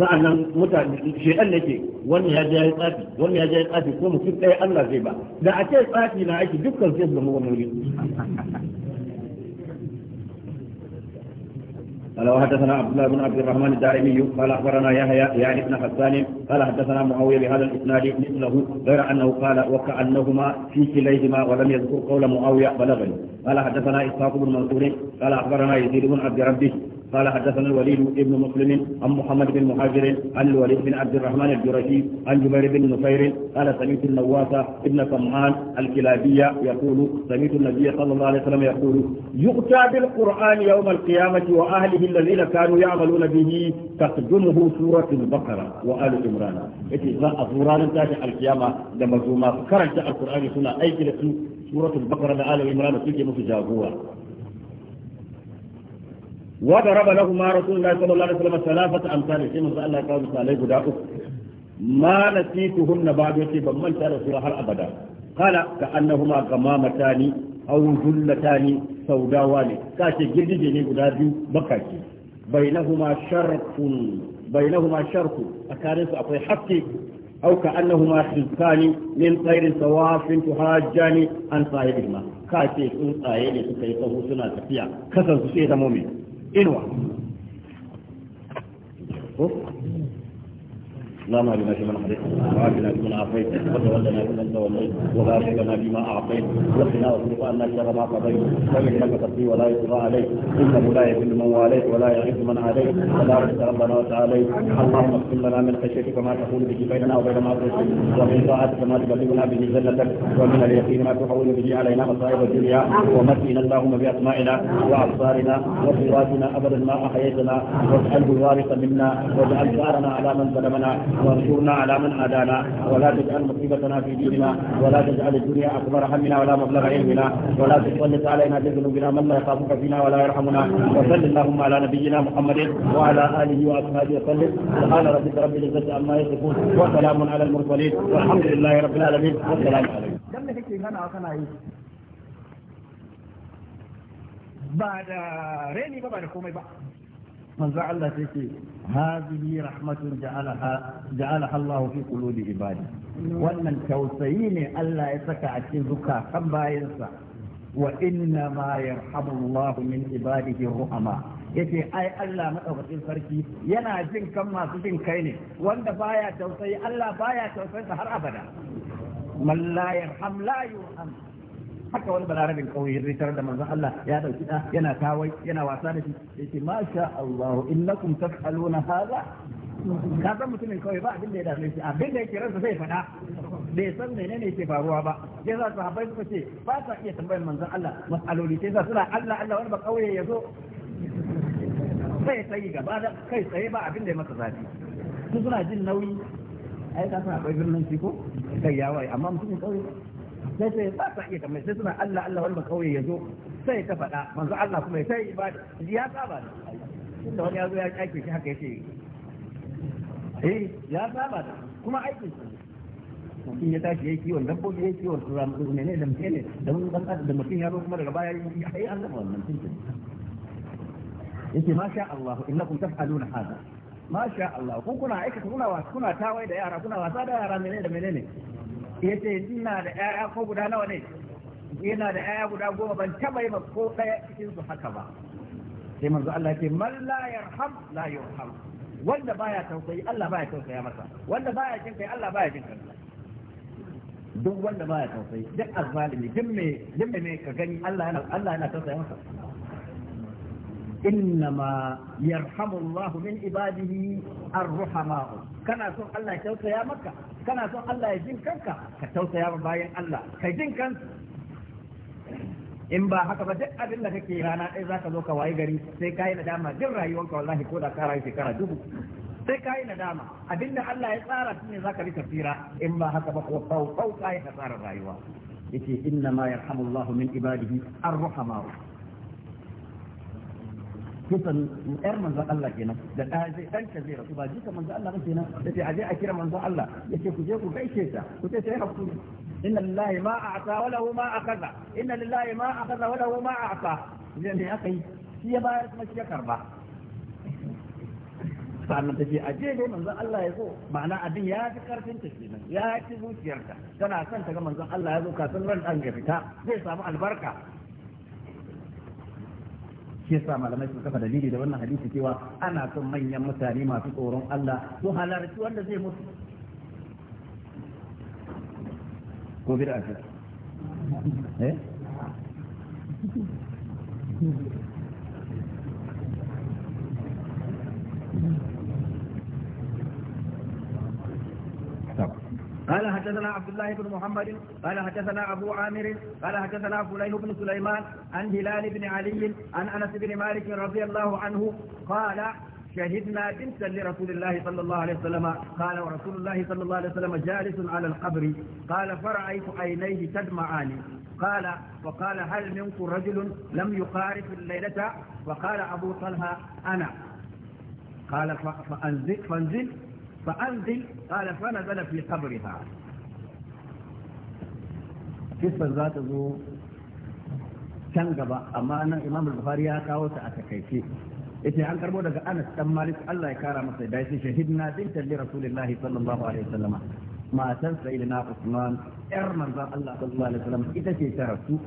sa'annan mutane shi shedan nake wani ya jayi tsafi wani ya jayi tsafi ko mutum ɗaya Allah zai ba da a ce tsafi na aiki dukkan sai zama wannan wuri قال وحدثنا عبد الله بن عبد الرحمن الدارمي قال اخبرنا يحيى يعني ابن حسان قال حدثنا معاويه بهذا الاسناد مثله غير انه قال وكانهما في كليهما ولم يذكر قول معاويه بلغني قال حدثنا اسحاق بن منصور قال اخبرنا يزيد بن عبد ربه قال حدثنا الوليد بن مسلم عن محمد بن مهاجر عن الوليد بن عبد الرحمن الجرشي عن جبير بن نفير قال سميت النواس بن سمعان الكلابية يقول سميت النبي صلى الله عليه وسلم يقول يؤتى بالقرآن يوم القيامة وأهله الذين كانوا يعملون به تقدمه سورة البقرة وآل عمران إذا أزوران تاشي القيامة لما زوما كرنت القرآن سنة أي سورة البقرة وآل عمران تيجي مسجاغوها وضرب لهما رسول الله صلى الله عليه وسلم ثلاثة أمثال في من الله قال صلى الله عليه ما نسيتهن بعد يتي بمن ترى سورة أبدا قال كأنهما غمامتان أو جلتان سوداوان كاشي جلد جنين قدار بكاشي بينهما شرق بينهما شرق أكارس أقوي حقي أو كأنهما خلقان من طير صواف تهاجان عن صاحبهما كاشي سنطايني سكيفه سنة تفيا كسر سيدة مؤمن inuwa اللهم علمنا من حديث وعافنا من عافيت وتولنا فيمن توليت وبارك لنا فيما اعطيت وقنا واصرف عنا شر ما قضيت فمن لك تقضي ولا يقضى عليك انه لا يذل من واليت ولا يعز من عليك تبارك ربنا وتعالى اللهم اقسم لنا من خشيتك ما تقول به بيننا وبين ما معصيتك ومن طاعتك ما تبلغنا به جنتك ومن اليقين ما تحول به علينا مصائب الدنيا ومتنا اللهم باسمائنا وابصارنا وقواتنا ابدا ما احييتنا واجعله الوارث منا واجعل ثارنا على من ظلمنا وانصرنا على من عادانا ولا تجعل مصيبتنا في ديننا ولا تجعل الدنيا اكبر همنا ولا مبلغ علمنا ولا تسلط علينا بذنوبنا من لا يخافك فينا ولا يرحمنا وصل اللهم على نبينا محمد وعلى اله واصحابه وسلم سبحان ربك رب العزه عما يصفون وسلام على المرسلين والحمد لله رب العالمين والسلام عليكم. ba da reni ba ba da komai ba manzo Allah sai ce hadhihi rahmatun ja'alaha ja'alaha Allah fi qulubi ibadi wannan tausayi ne Allah ya saka a cikin zukatan bayansa wa inna ma yarhamu Allah min ibadihi ruhama yace ai Allah madaukakin sarki yana jin kan masu jin kai ne wanda baya tausayi Allah baya tausayin har abada man la yarham la yurham haka wani balarabin kauye ya tarar da manzon Allah ya dauki da yana kawai yana wasa da shi yace ma sha Allah innakum taf'aluna hadha ka san mutumin kawai ba abin da ya dame shi abin da yake ransa zai faɗa bai san menene yake faruwa ba sai za su haɓai suka ce ba sa iya tambayar manzon Allah mas'aloli sai za suna Allah Allah wani ba kauye ya zo sai tsayi gaba da kai tsaye ba abin da ya masa zafi su suna jin nauyi ai ka san akwai birnin shi ko kai ya wai amma mutumin kauye sai sai ba ta iya kamar sai suna Allah Allah wani kawai ya zo sai ta faɗa manzo Allah kuma ya sai shi ya saba da tunda wani ya zo ya kake shi haka yace eh ya saba da kuma aikin mutum ya tashi ya kiwon dabbobi ya kiwon su ramu ne ne da mutum ne da mun da mutum ya zo kuma daga baya ya yi an gama wannan tuntun yace ma sha Allah innakum taf'aluna hada ma sha Allah ku kuna aikata kuna kuna tawai da yara kuna wasa da yara menene da menene ya ce ina da ‘ya'ya ko guda nawa ne yana da ‘ya'ya guda goma ban taɓa yi ba ko ɗaya cikin su haka ba sai manzo Allah ce man la yarham la yarham wanda baya tausayi Allah baya tausaya masa wanda baya jin kai Allah baya jin kansa duk wanda baya tausayi duk azzalimi duk me duk me ka gani Allah yana Allah yana tausaya masa إنما يرحم الله من عباده الرحماء كان أقول الله كوتا يا مكة kana son Allah ya jin kanka ka tausaya ma bayan Allah ka jin kansu in ba haka ba duk abin da kake rana ɗaya zaka zo ka wayi gari sai kai da dama duk ka wallahi ko da ka rayu shekara dubu sai kai nadama, dama abinda Allah ya tsara shine zaka rika tsira in ba haka ba ko fau fau kai rayuwa yake inna ma yarhamullahu min ibadihi ar-rahama Kusan yar manzon Allah kenan da ɗa zai ɗanta zai rasu ba jika manzon Allah ba kenan da ta aje a kira manzon Allah ya ce ku je ku gaishe ta ku ce sai hakuri inna lillahi ma a'ta wa lahu ma akaza inna lillahi ma akaza wa lahu ma a'ta idan ne aka yi shi ya bayar kuma shi ya karba sannan ta ce a je dai manzon Allah ya zo ma'ana abin ya fi karfin ta kenan ya ci zuciyarta tana son ta ga manzon Allah ya zo kafin ran dan ya fita zai samu albarka shi yasa malamai sun kafa dalili da wannan hadisi cewa ana son manyan mutane masu tsoron Allah su halarci wanda zai mutu ko bid'a ce eh Thank you. قال حدثنا عبد الله بن محمد قال حدثنا أبو عامر قال حدثنا فليح بن سليمان عن هلال بن علي عن أنس بن مالك رضي الله عنه قال شهدنا بنتا لرسول الله صلى الله عليه وسلم قال ورسول الله صلى الله عليه وسلم جالس على القبر قال فرأيت عينيه تدمعان قال وقال هل منكم رجل لم يقارف الليلة وقال أبو طلحة أنا قال فأنزل, فانزل فأنزل قال فنزل في قبرها كيف ذات ذو تنقب أمانا إمام البخاري يأكاو سأتكيكي إتي عن كربو دقاء أنا استمالك الله يكارا مصري بيسي شهدنا بنتا لرسول الله صلى الله عليه وسلم ما تنسى إلنا قصمان إرمان ذا الله صلى الله عليه وسلم إتي شهدنا رسول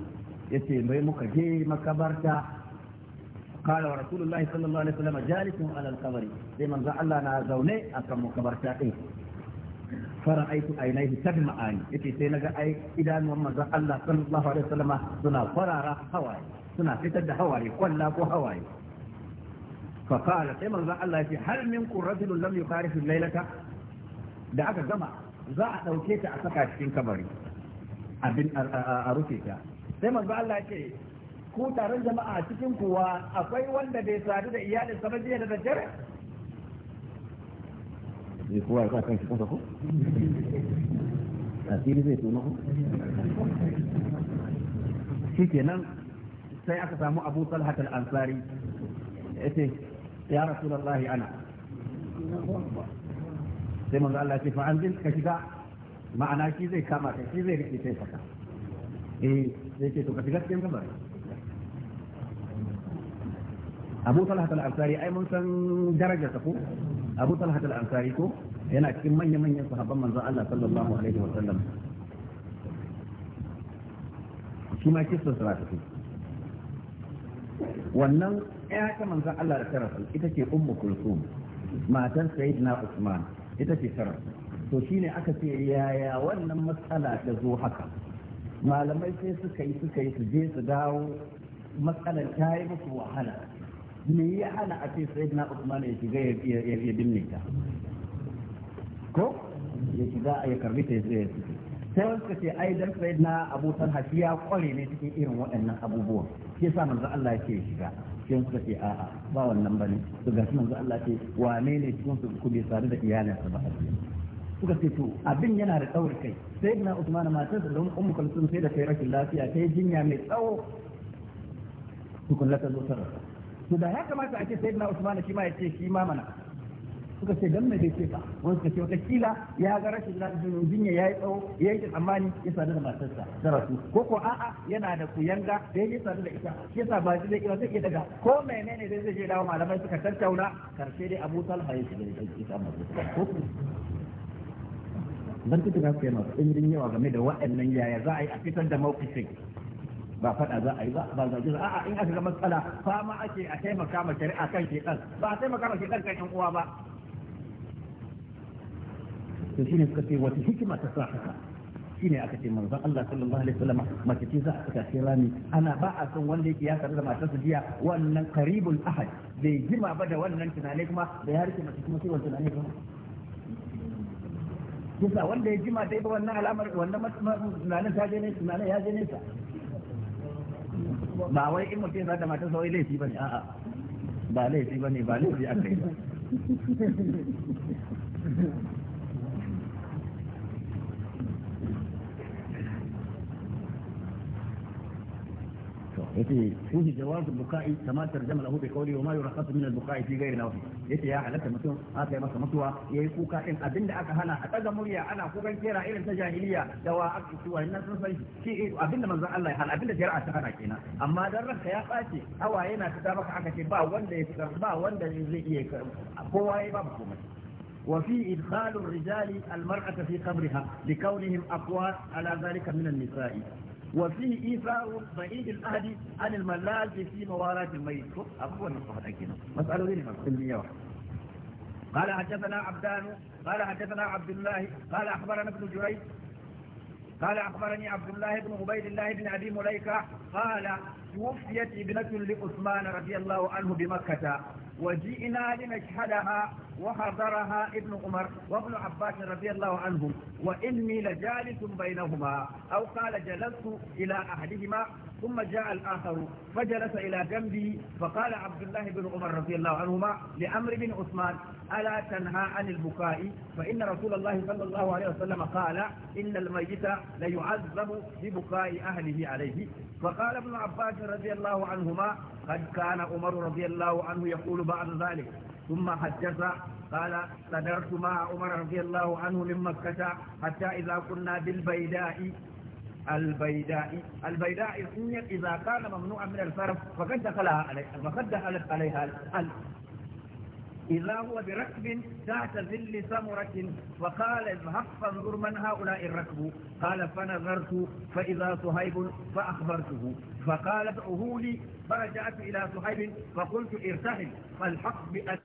إتي مكجي مكبرتا قال رسول الله صلى الله عليه وسلم جالس على القبر زي من زعل لنا زوني أكم قبر شاقي فرأيت عينيه تدمع عيني إتي سينجا أي إذا من زعل صلى الله عليه وسلم سنا فرارا هواي سنا فتد هواي ولا هواي فقال سي من زعل الله هل منكم رجل لم يخالف الليلة دعك جمع زع za a ɗauke ta a saka cikin kabari abin a rufe ku taron jama'a cikin kuwa akwai wanda bai sadu da iyalin sa jiya da daddare ne kuwa ya sa kan shi kasa ko asiri zai tono ko shi kenan sai aka samu abu Talha al-ansari yace ya rasulullahi ana sai manzo Allah ya ce fa anzil ka shiga ma'ana shi zai kama ka shi zai rike eh, sai faka eh zai ce to ka shiga cikin kamar. abu talhat al-ansari ai mun san darajar sa ko abu talhat al-ansari ko yana cikin manyan manyan sahabban manzon Allah sallallahu alaihi wa sallam shi ma kisa sura ta wannan ya ta manzon Allah da tarafa ita ce ummu kulsum matan sayyidina usman ita ce tarafa to shine aka ce yaya wannan matsala ta zo haka malamai sai suka yi suka yi su je su dawo matsalar ta yi musu wahala me ya hana a ce sai na Usman ya shiga ya binne ta ko ya shiga ya karbi ta ya sai wasu ka ce ai dan sai na Abu Talha ya kware ne cikin irin waɗannan abubuwan ke sa manzo Allah ya ce shiga sai ka ce a'a ba wannan bane to ga su manzo Allah ce wane ne cikin su ku bai da iyalin su ba a suka ce to abin yana da tsawon kai sai na Usman matar da don ummu kalsum sai da kai rashin lafiya yi jinya mai tsawo tukun la zo sarrafa to da ya kamata a ce na usman shi ma ya ce shi ma mana suka ce dan me bai ce ba wani suka ce wata kila ya ga rashin jinya ya yi tsawo ya yi tsammani ya sadu da matarsa da rasu ko ko a'a yana da kuyanga da ya sadu da ita shi yasa ba zai iya zai iya daga ko menene zai zai dawo malamai suka tattauna karshe dai Abu Talha ya shiga da ita ko dan kuka ga kai masu yawa game da waɗannan yaya za a yi a fitar da mawkifin ba fada za a yi ba ba zage za a in aka ga matsala fama ake a taimaka ma shari'a kan kan ba a taimaka ma shekan kan yan uwa ba to shine suka ce wata hikima ta sa haka shine aka ce manzon Allah sallallahu alaihi wasallam mace ce za a saka shi rami ana ba a san wanda yake ya tare da matarsa jiya wannan qaribul ahad bai jima ba da wannan tunani kuma da ya mace kuma sai wannan tunani ba kisa wanda ya jima dai ba wannan al'amar wannan tunanin ta je ne tunanin ya je ne ta ba wai in mutum ta mata sauyi laifi ne a'a ba laifi ne ba laifi a kai ba يتي فيه جواز البكاء كما ترجم له بقوله وما يرخص من البكاء في غير نوبه يتي يا حلت متون هذا ما سمطوا يكوكا ان ابن اك هنا اتجا مريا انا كوكن كيرا الى تجاهليه دواء اكتوا ان نسفي شيء إيه؟ من ذا الله هل ابن جرا كينا اما درن يا باتي هنا كتابك حكى با وندا يفكر با وندا هو اي باب وفي ادخال الرجال المراه في قبرها لكونهم اقوى على ذلك من النساء وفيه إيفاء بعيد الأهد عن الملاذ في موارات الميت أبو النصحة أكينا مسألة غير علمية واحدة قال حدثنا عبدان قال حدثنا عبد الله قال أخبرنا ابن جريج قال أخبرني عبد الله بن عبيد الله بن أبي مليكة قال توفيت ابنة لعثمان رضي الله عنه بمكة وجئنا لنشهدها وحضرها ابن عمر وابن عباس رضي الله عنهم وإني لجالس بينهما أو قال جلست إلى أحدهما ثم جاء الآخر فجلس إلى جنبي فقال عبد الله بن عمر رضي الله عنهما لأمر بن عثمان ألا تنهى عن البكاء فإن رسول الله صلى الله عليه وسلم قال إن الميت ليعذب ببكاء أهله عليه فقال ابن عباس رضي الله عنهما قد كان عمر رضي الله عنه يقول بعد ذلك ثم حدث قال صدرت مع عمر رضي الله عنه من مكة حتى إذا كنا بالبيداء البيداء البيداء إذا كان ممنوعا من الصرف فقد دخلها عليها فقد دخلت عليها ال إذا هو بركب تحت ظل سمرة فقال اذهب فانظر من هؤلاء الركب قال فنظرت فإذا صهيب فأخبرته فقال ادعه لي فرجعت إلى صهيب فقلت ارتحل فالحق بأن